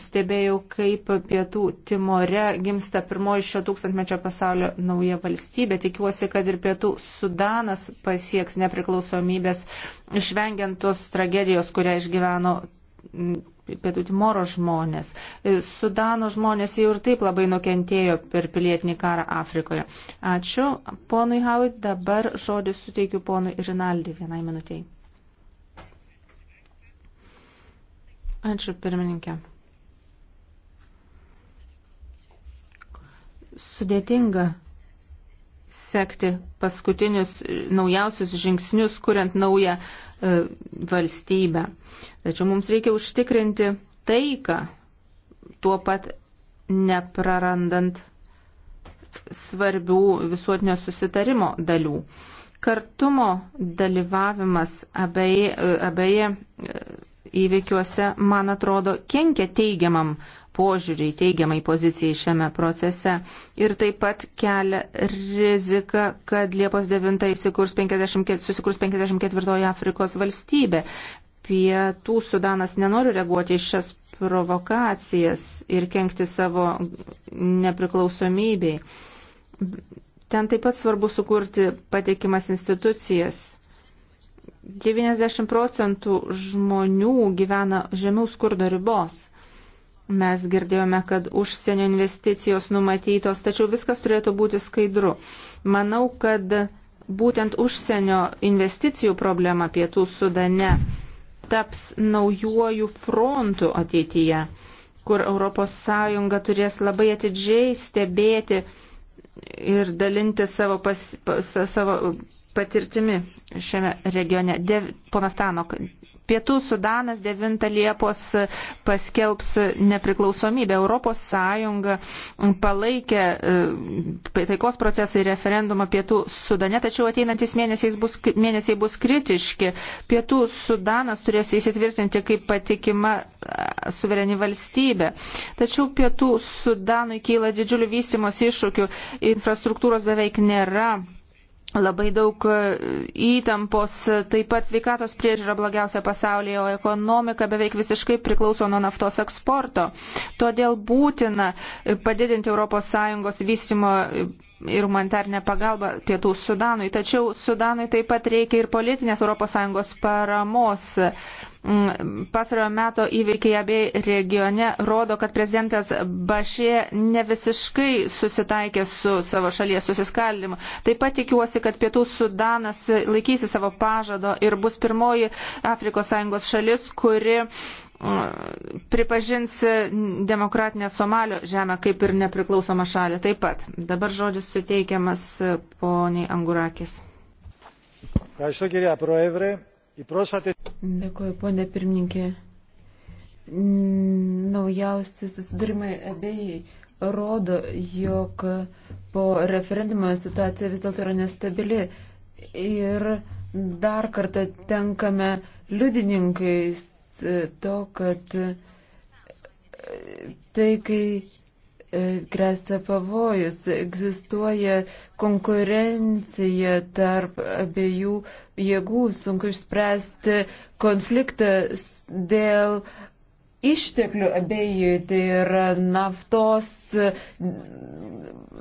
stebėjau, kaip pietų Timore gimsta pirmoji šio tūkstantmečio pasaulio nauja valstybė. Tikiuosi, kad ir pietų Sudanas pasieks nepriklausomybės, išvengiant tos tragedijos, kurią išgyveno pietų Timoro žmonės. Sudano žmonės jau ir taip labai nukentėjo per pilietinį karą Afrikoje. Ačiū. Ponui Hauit, dabar žodį suteikiu ponui Rinaldi vienai minutėjai. Ačiū pirmininkė. sudėtinga sekti paskutinius naujausius žingsnius, kuriant naują e, valstybę. Tačiau mums reikia užtikrinti taiką, tuo pat neprarandant svarbių visuotinio susitarimo dalių. Kartumo dalyvavimas abeje, abeje įvykiuose, man atrodo, kenkia teigiamam požiūrį į teigiamai pozicijai šiame procese. Ir taip pat kelia rizika, kad Liepos 9 įsikurs 50, susikurs 54 Afrikos valstybė. Pietų Sudanas nenori reaguoti į šias provokacijas ir kenkti savo nepriklausomybei. Ten taip pat svarbu sukurti patikimas institucijas. 90 procentų žmonių gyvena žemiau skurdo ribos. Mes girdėjome, kad užsienio investicijos numatytos, tačiau viskas turėtų būti skaidru. Manau, kad būtent užsienio investicijų problema pietų sudane taps naujuoju frontu ateityje, kur ES turės labai atidžiai stebėti ir dalinti savo, pas, pas, savo patirtimi šiame regione. Dev, ponas Tanok, Pietų Sudanas 9 Liepos paskelbs nepriklausomybę. Europos Sąjunga palaikė e, taikos procesą ir referendumą Pietų Sudane, tačiau ateinantis mėnesiai bus, mėnesiai bus kritiški. Pietų Sudanas turės įsitvirtinti kaip patikima e, suvereni valstybė. Tačiau Pietų Sudanui kyla didžiulių vystimos iššūkių, infrastruktūros beveik nėra labai daug e, įtampos, e, taip pat sveikatos priežiūra blogiausia pasaulyje, o ekonomika beveik visiškai priklauso nuo naftos eksporto. Todėl būtina e, padidinti ES vystimo ir humanitarnę pagalbą pietų Sudanui. Tačiau Sudanui taip pat reikia ir politinės ES paramos. Mm, pasarojo meto įveikiai abiej regione rodo, kad prezidentas Bašė ne visiškai susitaikė su savo šalies susiskaldimu. Taip pat tikiuosi, kad Pietų Sudanas laikysi savo pažado ir bus pirmoji Afrikos Sąjungos šalis, kuri mm, pripažins demokratinę Somalio žemę kaip ir nepriklausomą šalį taip pat. Dabar žodis suteikiamas poniai Angurakis. Ačiū, geria proezrė. Dėkuoju, ponė pirmininkė. Naujausi susidurimai abiejai rodo, jog po referendumo situacija vis dėlto yra nestabili ir dar kartą tenkame liudininkais to, kad tai, kai grėsia pavojus, egzistuoja konkurencija tarp abiejų jėgų, sunku išspręsti konfliktą dėl išteklių abiejų, tai yra naftos,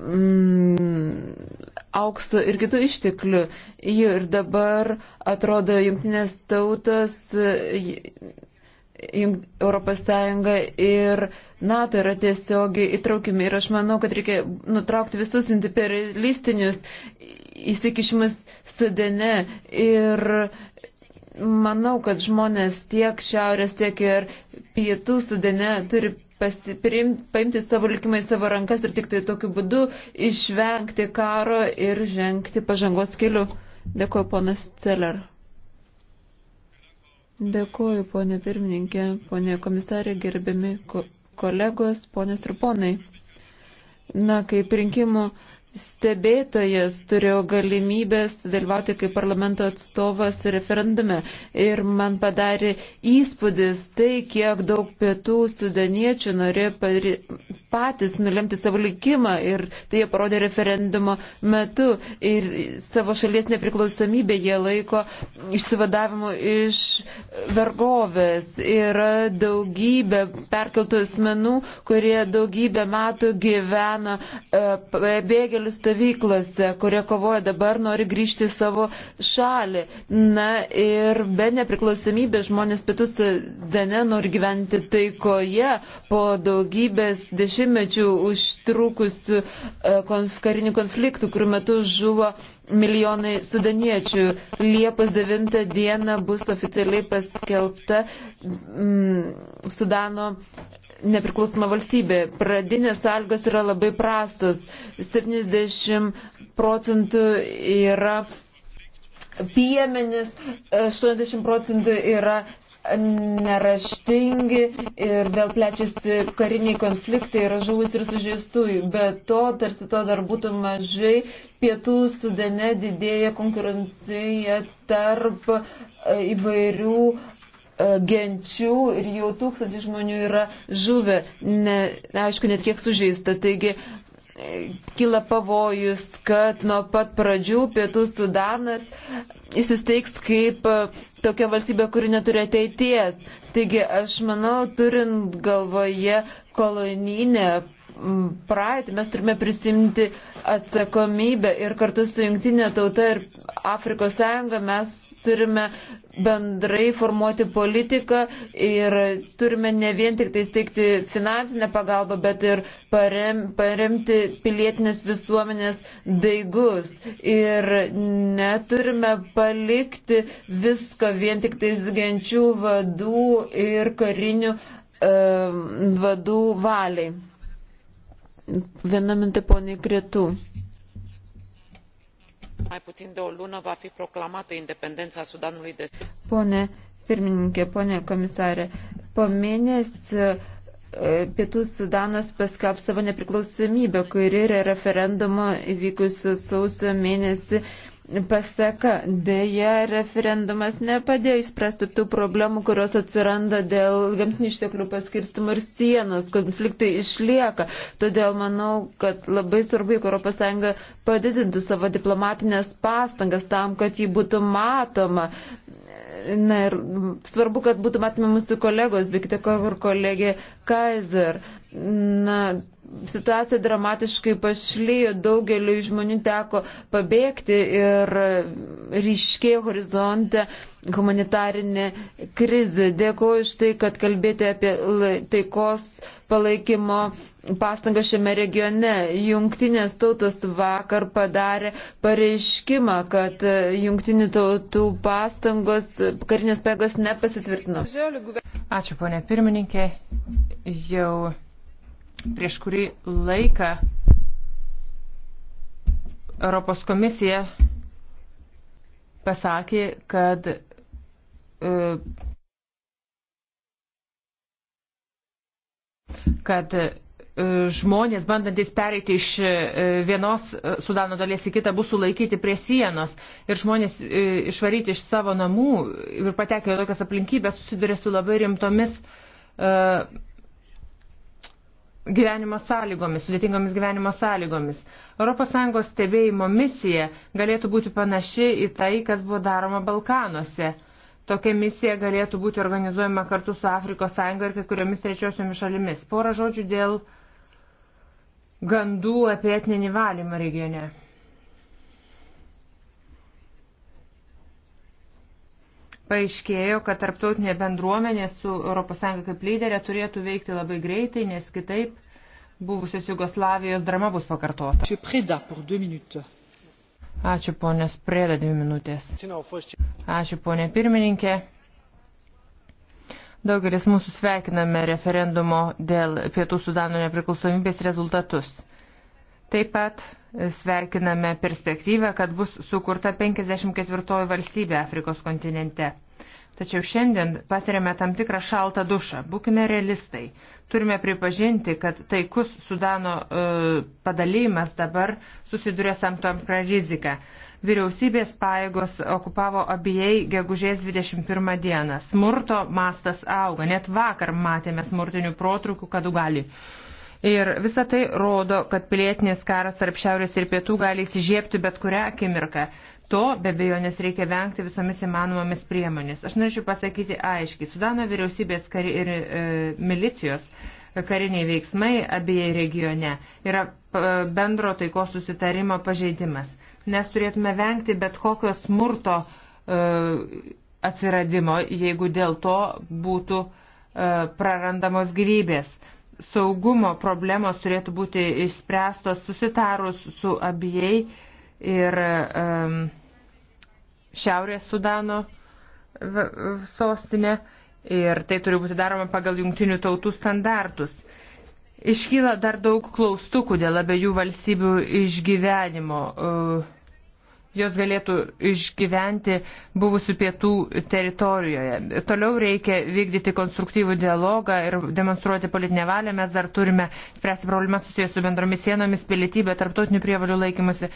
mm, aukso ir kitų išteklių. Ir dabar atrodo, jungtinės tautos Europos Sąjunga ir NATO yra tiesiogiai įtraukiami ir aš manau, kad reikia nutraukti visus imperialistinius įsikišimus sudene ir manau, kad žmonės tiek šiaurės, tiek ir pietų sudene turi pasiprim, paimti savo likimą į savo rankas ir tik tai tokiu būdu išvengti karo ir žengti pažangos keliu. Dėkuoju, ponas Celer. Dėkuoju, ponė pirmininkė, ponė komisarė, gerbiami ko kolegos, ponės ir ponai. Na, kaip rinkimų stebėtojas turėjau galimybės dalyvauti kaip parlamento atstovas referendume ir man padarė įspūdis tai, kiek daug pietų sudaniečių norėjo patys nulemti savo likimą ir tai jie parodė referendumo metu ir savo šalies nepriklausomybę jie laiko išsivadavimu iš vergovės. Yra daugybė perkeltų asmenų, kurie daugybę metų gyvena e, pabėgėlių stovyklose, kurie kovoja dabar, nori grįžti į savo šalį. Na ir be nepriklausomybės žmonės pietus Dane nori gyventi taikoje po daugybės dešimtmečių dešimtmečių užtrukusių e, karinių konfliktų, kurių metu žuvo milijonai sudaniečių. Liepos 9 diena bus oficialiai paskelbta mm, Sudano nepriklausoma valstybė. Pradinės salgos yra labai prastos. 70 procentų yra piemenis, 80 procentų yra neraštingi ir vėl plečiasi kariniai konfliktai, yra žuvus ir sužeistųjų. Be to, tarsi to dar būtų mažai, pietų sudane didėja konkurencija tarp e, įvairių e, genčių ir jau tūkstantį žmonių yra žuvę, ne, aišku, net kiek sužeista. Taigi kila pavojus, kad nuo pat pradžių Pietų Sudanas įsisteigs kaip e, tokia valstybė, kuri neturi ateities. Taigi aš manau, turint galvoje kolonijinę praeitį, mes turime prisimti atsakomybę ir kartu su Junktinė tauta ir Afrikos sąjunga mes turime bendrai formuoti politiką ir turime ne vien tik tai steigti finansinę pagalbą, bet ir parem, paremti pilietinės visuomenės daigus. Ir neturime palikti viską vien tik tais genčių vadų ir karinių vadų valiai. Viena minti poniai Kretų. Mai puțin de o lună va fi proclamată independența Sudanului de Sud. Pone pirmininkė, pone komisarė, po mėnesio Pietų Sudanas paskelb savo nepriklausomybę, kuri yra referendumo įvykusiu sausio mėnesį paseka. Deja, referendumas nepadėjo įspręsti tų problemų, kurios atsiranda dėl gamtinių išteklių paskirstimo ir sienos, konfliktai išlieka. Todėl manau, kad labai svarbu, jog ES padidintų savo diplomatinės pastangas tam, kad jį būtų matoma. Na ir svarbu, kad būtų matomi mūsų kolegos, be kitako ir kolegė Kaiser. Na, situacija dramatiškai pašlyjo, daugeliu žmonių teko pabėgti ir ryškėjo horizonte humanitarinė krizė. Dėkuoju už tai, kad kalbėti apie taikos palaikymo pastangą šiame regione. Jungtinės tautos vakar padarė pareiškimą, kad jungtinių tautų pastangos karinės pėgos nepasitvirtino. Ačiū, ponė pirmininkė. Jau Prieš kurį laiką Europos komisija pasakė, kad e, kad e, žmonės, bandantis pereiti iš e, vienos e, Sudano dalies į kitą, bus sulaikyti prie sienos ir žmonės išvaryti iš savo namų ir patekę į tokias aplinkybės susiduria su labai rimtomis uh, gyvenimo sąlygomis, sudėtingomis gyvenimo sąlygomis. ES stebėjimo misija galėtų būti panaši į tai, kas buvo daroma Balkanuose. Tokia misija galėtų būti organizuojama kartu su Afrikos Sąjunga ir kai kuriomis trečiosiomis šalimis. Porą žodžių dėl gandų apie etninį valymą regione. paaiškėjo, kad tarptautinė bendruomenė su ES kaip lyderė turėtų veikti labai greitai, nes kitaip buvusios Jugoslavijos drama bus pakartota. Ačiū ponės Prėda dvi minutės. Ačiū ponė pirmininkė. Daugelis mūsų sveikiname referendumo dėl Pietų Sudano nepriklausomybės rezultatus. Taip pat sveikiname perspektyvę, kad bus sukurta 54 valstybė Afrikos kontinente. Tačiau šiandien patiriame tam tikrą šaltą dušą. Būkime realistai. Turime pripažinti, kad taikus Sudano uh, padalymas dabar susiduria tam tamprą riziką. Vyriausybės pajėgos okupavo abiejai gegužės 21 dieną. Smurto mastas auga. Net vakar matėme smurtinių protrukų, kad gali. Uh, Ir visa tai rodo, kad pilietinis karas tarp šiaurės ir pietų gali įsižiebti bet kurią akimirką. To be abejo nes reikia vengti visomis įmanomomis priemonės. Aš norėčiau pasakyti aiškiai, Sudano vyriausybės kari ir e, milicijos kariniai veiksmai abieji regione yra e, bendro taikos susitarimo pažeidimas. Mes turėtume vengti bet kokio smurto e, atsiradimo, jeigu dėl to būtų e, prarandamos gyvybės saugumo problemos turėtų būti išspręstos susitarus su abiejai ir um, Šiaurės Sudano sostinė ir tai turi būti daroma pagal jungtinių tautų standartus. Iškyla dar daug klaustukų dėl abiejų valstybių išgyvenimo. Uh, jos galėtų išgyventi buvusių pietų teritorijoje. Toliau reikia vykdyti konstruktyvų dialogą ir demonstruoti politinę valią. Mes dar turime spręsti problemas susijęs su bendromis sienomis, pilietybė, tarptautinių prievalių laikymusi.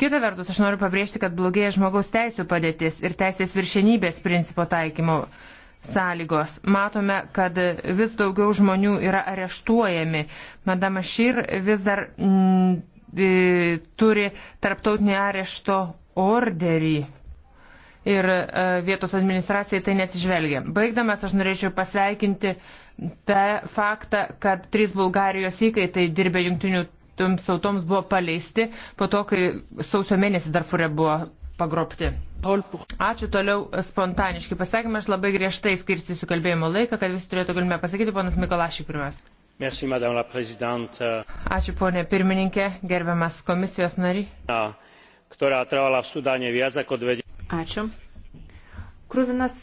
Kita vertus, aš noriu pabrėžti, kad blogėja žmogaus teisų padėtis ir teisės viršenybės principo taikymo sąlygos. Matome, kad vis daugiau žmonių yra areštuojami. Madama Šir vis dar. Mm, E, turi tarptautinį arešto orderį ir e, vietos administracija tai nesižvelgia. Baigdamas aš norėčiau pasveikinti tą faktą, kad trys Bulgarijos įkaitai dirbę jungtinių tautoms buvo paleisti po to, kai sausio mėnesį Darfure buvo pagrobti. Ačiū toliau spontaniškai pasakymą, aš labai griežtai skirstysiu kalbėjimo laiką, kad visi turėtų galimybę pasakyti, ponas Mikolašį pirmiausia. Merci, madame la prezidente. Ačiū, ponė pirmininkė, gerbiamas komisijos nari. Ktorá trvala v Sudáne viac ako dve. Ačiū. Krūvinas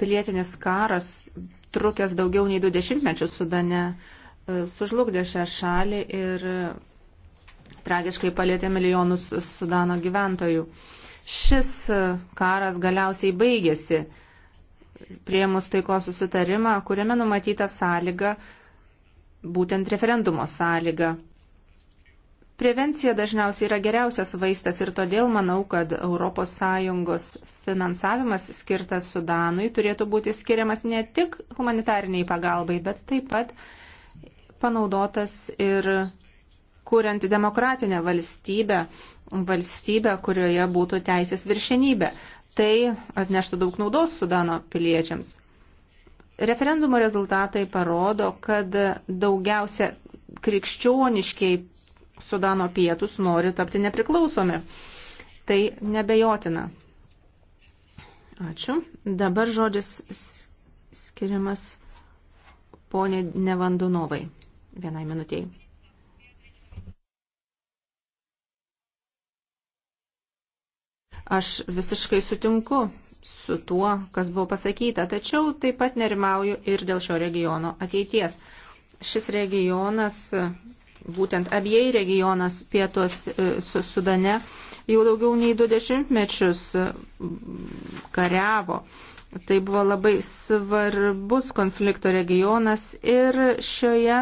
pilietinis karas, trukęs daugiau nei du dešimtmečius Sudane, e, sužlugdė šią šalį ir e, tragiškai palėtė milijonus Sudano gyventojų. Šis e, karas galiausiai baigėsi prieimus taikos susitarimą, kuriame numatyta sąlyga, būtent referendumo sąlyga. Prevencija dažniausiai yra geriausias vaistas ir todėl manau, kad ES finansavimas skirtas Sudanui turėtų būti skiriamas ne tik humanitariniai pagalbai, bet taip pat panaudotas ir kuriant demokratinę valstybę, valstybę, kurioje būtų teisės viršenybė. Tai atneštų daug naudos Sudano piliečiams. Referendumo rezultatai parodo, kad daugiausia krikščioniškiai Sudano pietus nori tapti nepriklausomi. Tai nebejotina. Ačiū. Dabar žodis skiriamas ponė Nevandunovai. Vienai minutėjai. Aš visiškai sutinku su tuo, kas buvo pasakyta, tačiau taip pat nerimauju ir dėl šio regiono ateities. Šis regionas, būtent abiejai regionas pietos e, su Sudane, jau daugiau nei du dešimtmečius kariavo. Tai buvo labai svarbus konflikto regionas ir šioje,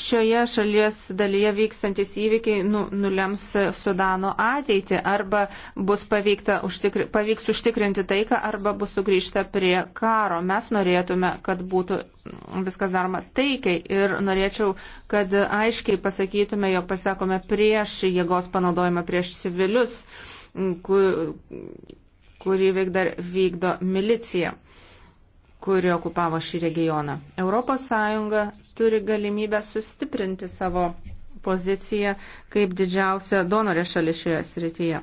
šioje šalies dalyje vykstantis įvykiai nu, nulems Sudano ateitį arba bus užtikri, pavyks užtikrinti taiką arba bus sugrįžta prie karo. Mes norėtume, kad būtų viskas daroma taikiai ir norėčiau, kad aiškiai pasakytume, jog pasakome prieš jėgos panaudojimą prieš civilius. Ku, kurį dar vykdo milicija, kuri okupavo šį regioną. ES turi galimybę sustiprinti savo poziciją kaip didžiausia donorė šalis šioje srityje.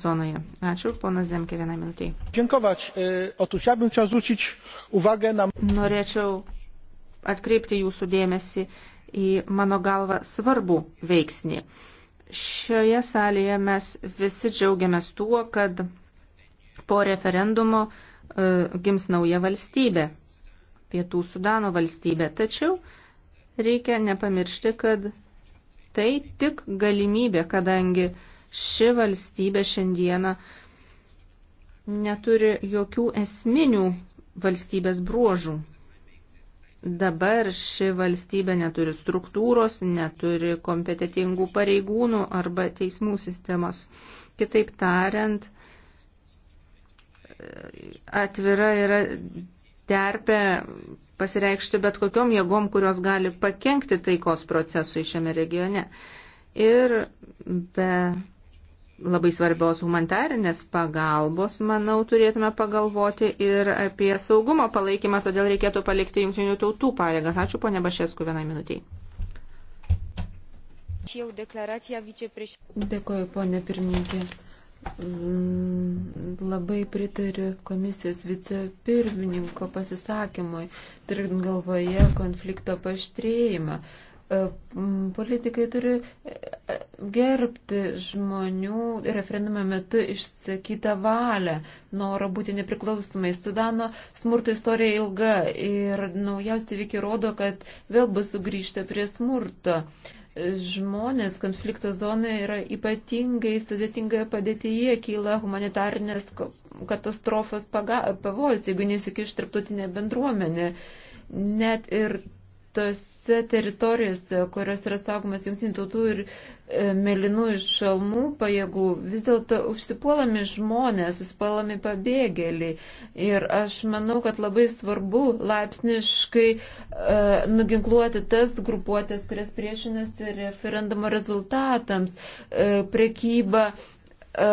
Zonoje. Ačiū, ponas Zemke, vienai minutiai. Dziękować. E, otóż ja bym chciał zwrócić uwagę na... Norėčiau atkreipti jūsų dėmesį į mano galvą svarbų veiksnį. Šioje salėje mes visi džiaugiamės tuo, kad po referendumo e, gims nauja valstybė, pietų Sudano valstybė. Tačiau reikia nepamiršti, kad tai tik galimybė, kadangi ši valstybė šiandieną neturi jokių esminių valstybės bruožų. Dabar ši valstybė neturi struktūros, neturi kompetitingų pareigūnų arba teismų sistemos. Kitaip tariant, atvira yra terpė pasireikšti bet kokiom jėgom, kurios gali pakengti taikos procesui šiame regione. Ir be labai svarbios humanitarinės pagalbos, manau, turėtume pagalvoti ir apie saugumo palaikymą, todėl reikėtų palikti jungtinių tautų pajėgas. Ačiū, ponė Bašesku, vienai minutiai. Dėkuoju, ponė pirmininkė. Mm, labai pritariu komisijos vicepirmininko pasisakymui, turint galvoje konflikto paštrėjimą. E, mm, politikai turi e, gerbti žmonių referendumo metu išsakytą valią, norą būti nepriklausomai. Sudano smurto istorija ilga ir naujausi vykiai rodo, kad vėl bus sugrįžta prie smurto. Uh, žmonės konflikto zonoje yra ypatingai sudėtingoje padėtyje, kyla humanitarnės katastrofos pavojus, jeigu nesikiš tarptautinė bendruomenė. Net ir tose teritorijose, kurios yra saugomas jungtinių tautų ir e, melinų šalmų pajėgų, vis dėlto užsipuolami žmonės, užsipuolami pabėgėliai. Ir aš manau, kad labai svarbu laipsniškai e, nuginkluoti tas grupuotės, kurias priešinasi referendumo rezultatams. E, prekyba. E,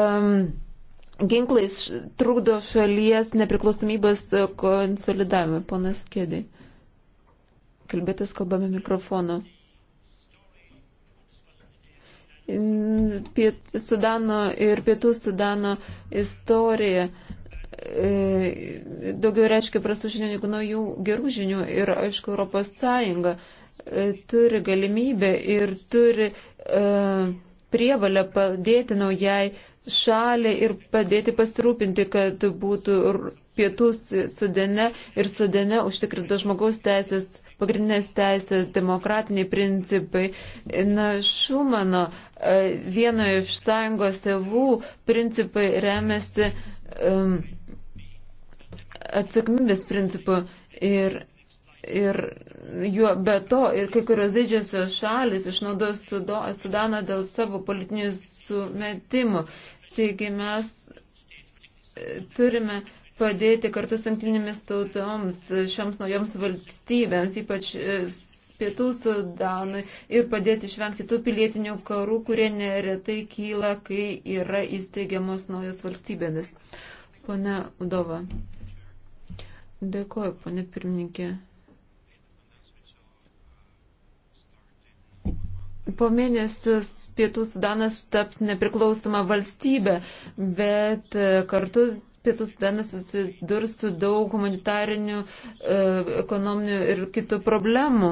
ginklais trukdo šalies nepriklausomybės konsolidavimui, ponas Kėdė. Kalbėtis kalbame mikrofonu. Piet, Sudano ir Pietų Sudano istorija e, daugiau reiškia prastų žinių negu naujų gerų žinių ir aišku Europos Sąjunga e, turi galimybę ir turi e, prievalę padėti naujai šaliai ir padėti pasirūpinti, kad būtų pietus sudene ir sudene užtikrinta žmogaus teisės pagrindinės teisės, demokratiniai principai. Na, Šumano e, vieno iš sąjungos tėvų principai remiasi um, atsakomybės principu. Ir ir juo be to ir kai kurios didžiosios šalis išnaudos Sudaną dėl savo politinių sumetimų. Taigi mes e, turime padėti kartu su jungtinėmis tautoms, šioms naujoms valstybėms, ypač e, pietų Sudanui, ir padėti išvengti tų pilietinių karų, kurie neretai kyla, kai yra įsteigiamos naujos valstybėmis. Pone Udova. Dėkuoju, pone pirmininkė. po mėnesius Pietų Sudanas taps nepriklausoma valstybė, bet e, kartu Pietų Sudanas susidurs su daug humanitarinių, e, ekonominių ir kitų problemų.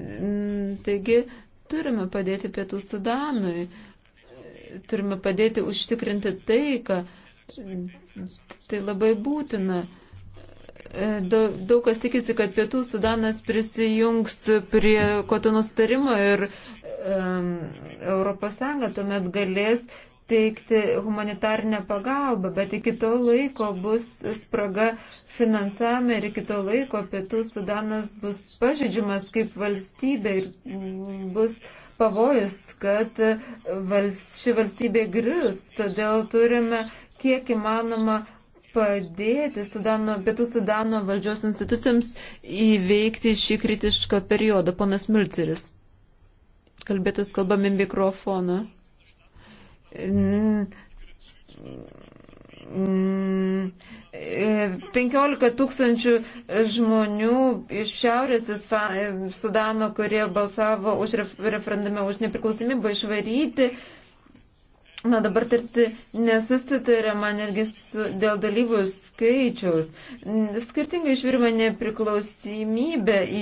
Mm, taigi turime padėti Pietų Sudanui, turime padėti užtikrinti taiką. Tai labai būtina. E, daug kas tikisi, kad Pietų Sudanas prisijungs prie kotonų starimo ir um, ES tuomet galės uh, teikti humanitarnę pagalbą, bet iki to laiko bus spraga finansavime ir iki to laiko pietų Sudanas bus pažydžiamas kaip valstybė ir mm, bus pavojus, kad vals, ši valstybė grius. Todėl turime kiek įmanoma padėti Sudano, pietų Sudano valdžios institucijams įveikti šį kritišką periodą. Ponas Milceris. Kalbėtas kalbami mikrofoną. 15 tūkstančių žmonių iš šiaurės Sudano, kurie balsavo už referendume už nepriklausomybę išvaryti. Na dabar tarsi nesusitariama netgi su, dėl dalyvių skaičiaus. Skirtingai išvirma nepriklausomybė į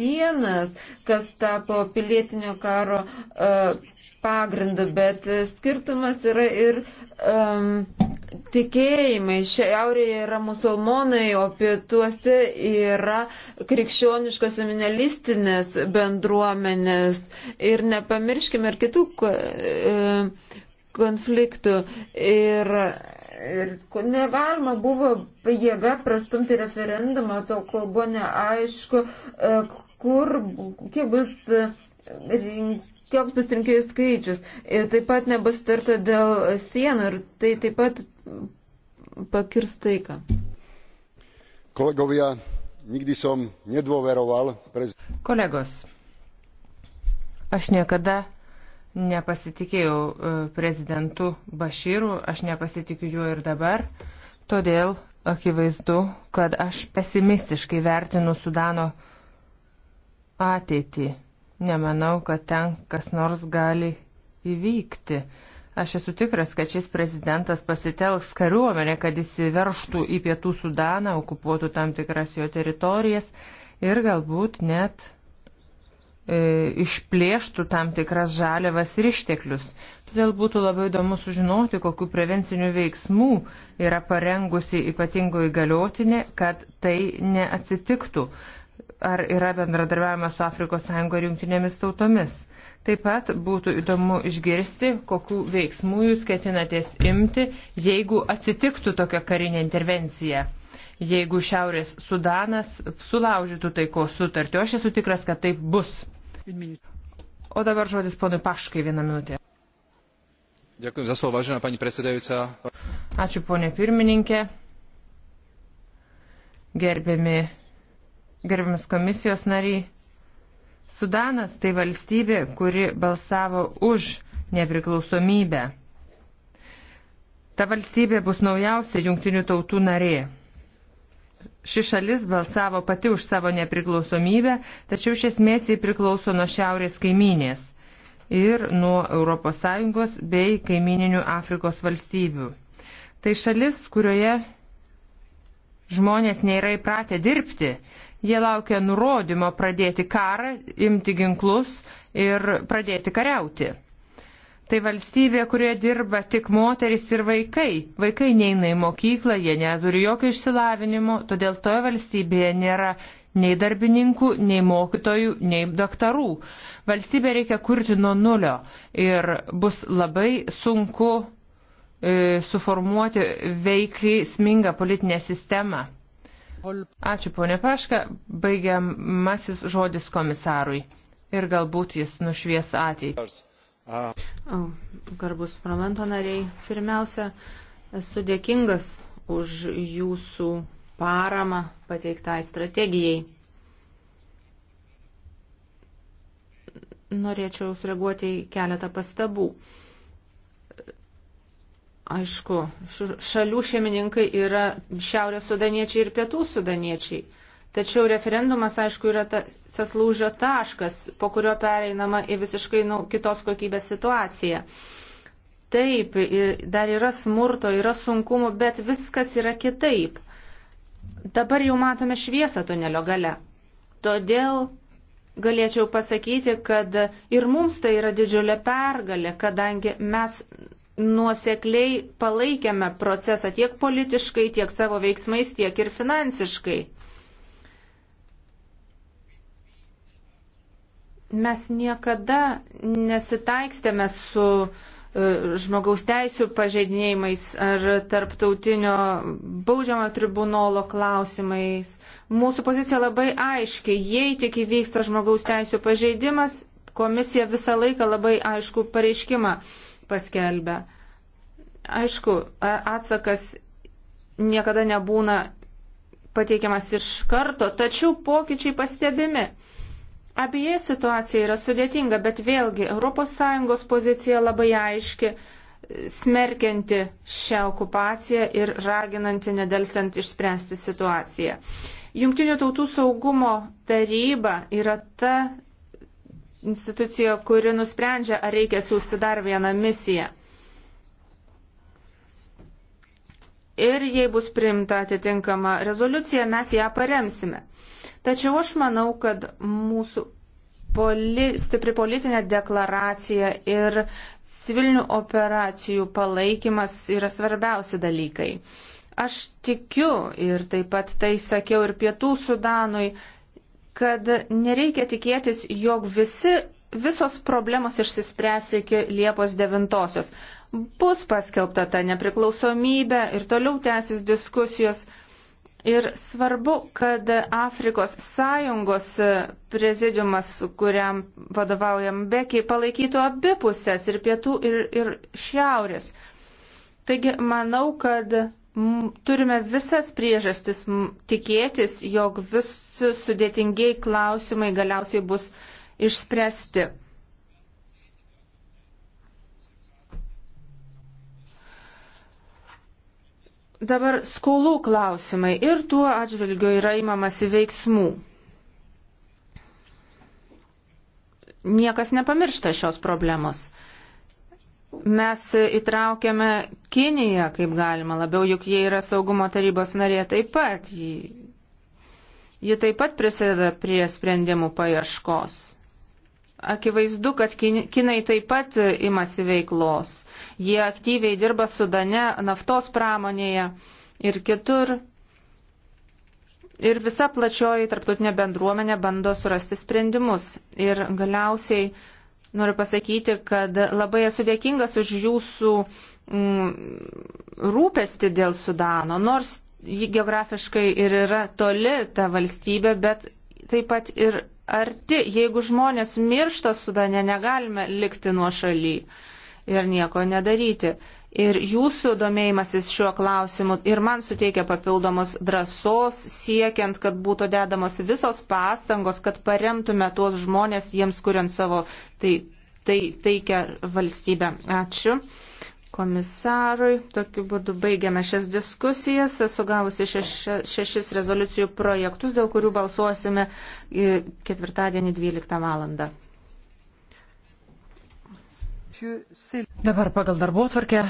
sienas, kas tapo pilietinio karo uh, pagrindu, bet skirtumas yra ir um, tikėjimai. Šiaurėje yra musulmonai, o pietuose yra krikščioniškos seminalistinės bendruomenės. Ir nepamirškime ir kitų. Uh, konfliktų ir, ir negalima buvo jėga prastumti referendumą, to kol buvo neaišku, e, kur, kiek bus rink, koks bus rinkėjų skaičius. Ir taip pat nebus tarta dėl sienų ir tai taip pat pakirs taiką. Kolegovia, nikdy som nedôveroval. Prez... Kolegos, aš niekada nepasitikėjau e, prezidentu Bašyru, aš nepasitikiu juo ir dabar, todėl akivaizdu, kad aš pesimistiškai vertinu Sudano ateitį. Nemanau, kad ten kas nors gali įvykti. Aš esu tikras, kad šis prezidentas pasitelks kariuomenę, kad įsiverštų į pietų Sudaną, okupuotų tam tikras jo teritorijas ir galbūt net e, išplėštų tam tikras žaliavas ir išteklius. Todėl būtų labai įdomu sužinoti, kokiu prevenciniu veiksmu yra parengusi ypatingo įgaliotinė, kad tai neatsitiktų ar yra bendradarbiavimas su Afrikos Sąjunga ir jungtinėmis tautomis. Taip pat būtų įdomu išgirsti, kokiu veiksmu jūs ketinatės imti, jeigu atsitiktų tokia karinė intervencija. Jeigu Šiaurės Sudanas sulaužytų taikos sutartį, aš esu tikras, kad taip bus. O dabar žodis ponui Paškai vieną minutę. Dėkui za slovo, vážená pani predsedajúca. Ačiū, ponė pirmininkė. Gerbiami gerbiamas komisijos nariai, Sudanas tai valstybė, kuri balsavo už nepriklausomybę. Ta valstybė bus naujausia jungtinių tautų narė. Ši šalis balsavo pati už savo nepriklausomybę, tačiau iš esmės jį priklauso nuo šiaurės kaiminės ir nuo ES bei kaimininių Afrikos valstybių. Tai šalis, kurioje žmonės nėra įpratę dirbti, Jie laukia nurodymo pradėti karą, imti ginklus ir pradėti kariauti. Tai valstybė, kurioje dirba tik moteris ir vaikai. Vaikai neina į mokyklą, jie neturi jokio išsilavinimo, todėl toje valstybėje nėra nei darbininkų, nei mokytojų, nei daktarų. Valstybė reikia kurti nuo nulio ir bus labai sunku e, suformuoti veikliai smingą politinę sistemą. Ačiū, ponė Paška. Baigiamasis žodis komisarui. Ir galbūt jis nušvies ateitį. Garbus parlamento nariai, pirmiausia, esu dėkingas už jūsų paramą pateiktai strategijai. Norėčiau sureaguoti į keletą pastabų. Aišku, šalių šeimininkai yra šiaurės sudaniečiai ir pietų sudaniečiai. Tačiau referendumas, aišku, yra tas, tas lūžio taškas, po kurio pereinama į visiškai nu, kitos kokybės situaciją. Taip, dar yra smurto, yra sunkumų, bet viskas yra kitaip. Dabar jau matome šviesą tunelio gale. Todėl galėčiau pasakyti, kad ir mums tai yra didžiulė pergalė, kadangi mes nuosekliai palaikėme procesą tiek politiškai, tiek savo veiksmais, tiek ir finansiškai. Mes niekada nesitaikstėme su e, žmogaus teisų pažeidinėjimais ar tarptautinio baudžiamo tribunolo klausimais. Mūsų pozicija labai aiški. Jei tik įvyksta žmogaus teisų pažeidimas, komisija visą laiką labai aišku pareiškimą paskelbę. Aišku, atsakas niekada nebūna pateikiamas iš karto, tačiau pokyčiai pastebimi. Abieje situacija yra sudėtinga, bet vėlgi ES pozicija labai aiški, smerkianti šią okupaciją ir raginanti nedelsiant išspręsti situaciją. Junktinių tautų saugumo taryba yra ta institucija, kuri nusprendžia, ar reikia siūsti dar vieną misiją. Ir jei bus priimta atitinkama rezoliucija, mes ją paremsime. Tačiau aš manau, kad mūsų poli, stipri politinė deklaracija ir civilinių operacijų palaikymas yra svarbiausi dalykai. Aš tikiu ir taip pat tai sakiau ir pietų Sudanui, kad nereikia tikėtis, jog visi, visos problemos išsispręs iki Liepos 9-osios. Bus paskelbta ta nepriklausomybė ir toliau tęsis diskusijos. Ir svarbu, kad Afrikos sąjungos prezidiumas, kuriam vadovaujam Bekiai, palaikytų abipusės ir pietų, ir, ir šiaurės. Taigi manau, kad turime visas priežastis tikėtis, jog visi sudėtingiai klausimai galiausiai bus išspręsti. Dabar skolų klausimai ir tuo atžvilgiu yra įmamasi veiksmų. Niekas nepamiršta šios problemos mes įtraukiame Kiniją kaip galima labiau, juk jie yra saugumo tarybos narė taip pat. Ji, ji taip pat prisideda prie sprendimų paieškos. Akivaizdu, kad kin, Kinai taip pat imasi veiklos. Jie aktyviai dirba Sudane, naftos pramonėje ir kitur. Ir visa plačioji tarptautinė bendruomenė bando surasti sprendimus. Ir galiausiai Noriu pasakyti, kad labai esu dėkingas už jūsų mm, rūpesti dėl Sudano, nors ji geografiškai ir yra toli ta valstybė, bet taip pat ir arti. Jeigu žmonės miršta Sudane, negalime likti nuo šaly ir nieko nedaryti ir jūsų domėjimasis šiuo klausimu ir man suteikia papildomos drąsos siekiant, kad būtų dedamos visos pastangos, kad paremtume tuos žmonės jiems kuriant savo tai, tai, taikę valstybę. Ačiū. Komisarui, tokiu būdu baigiame šias diskusijas. Esu gavusi šeš, šešis rezoliucijų projektus, dėl kurių balsuosime e, ketvirtadienį 12 valandą. Dabar pagal darbo tvarkę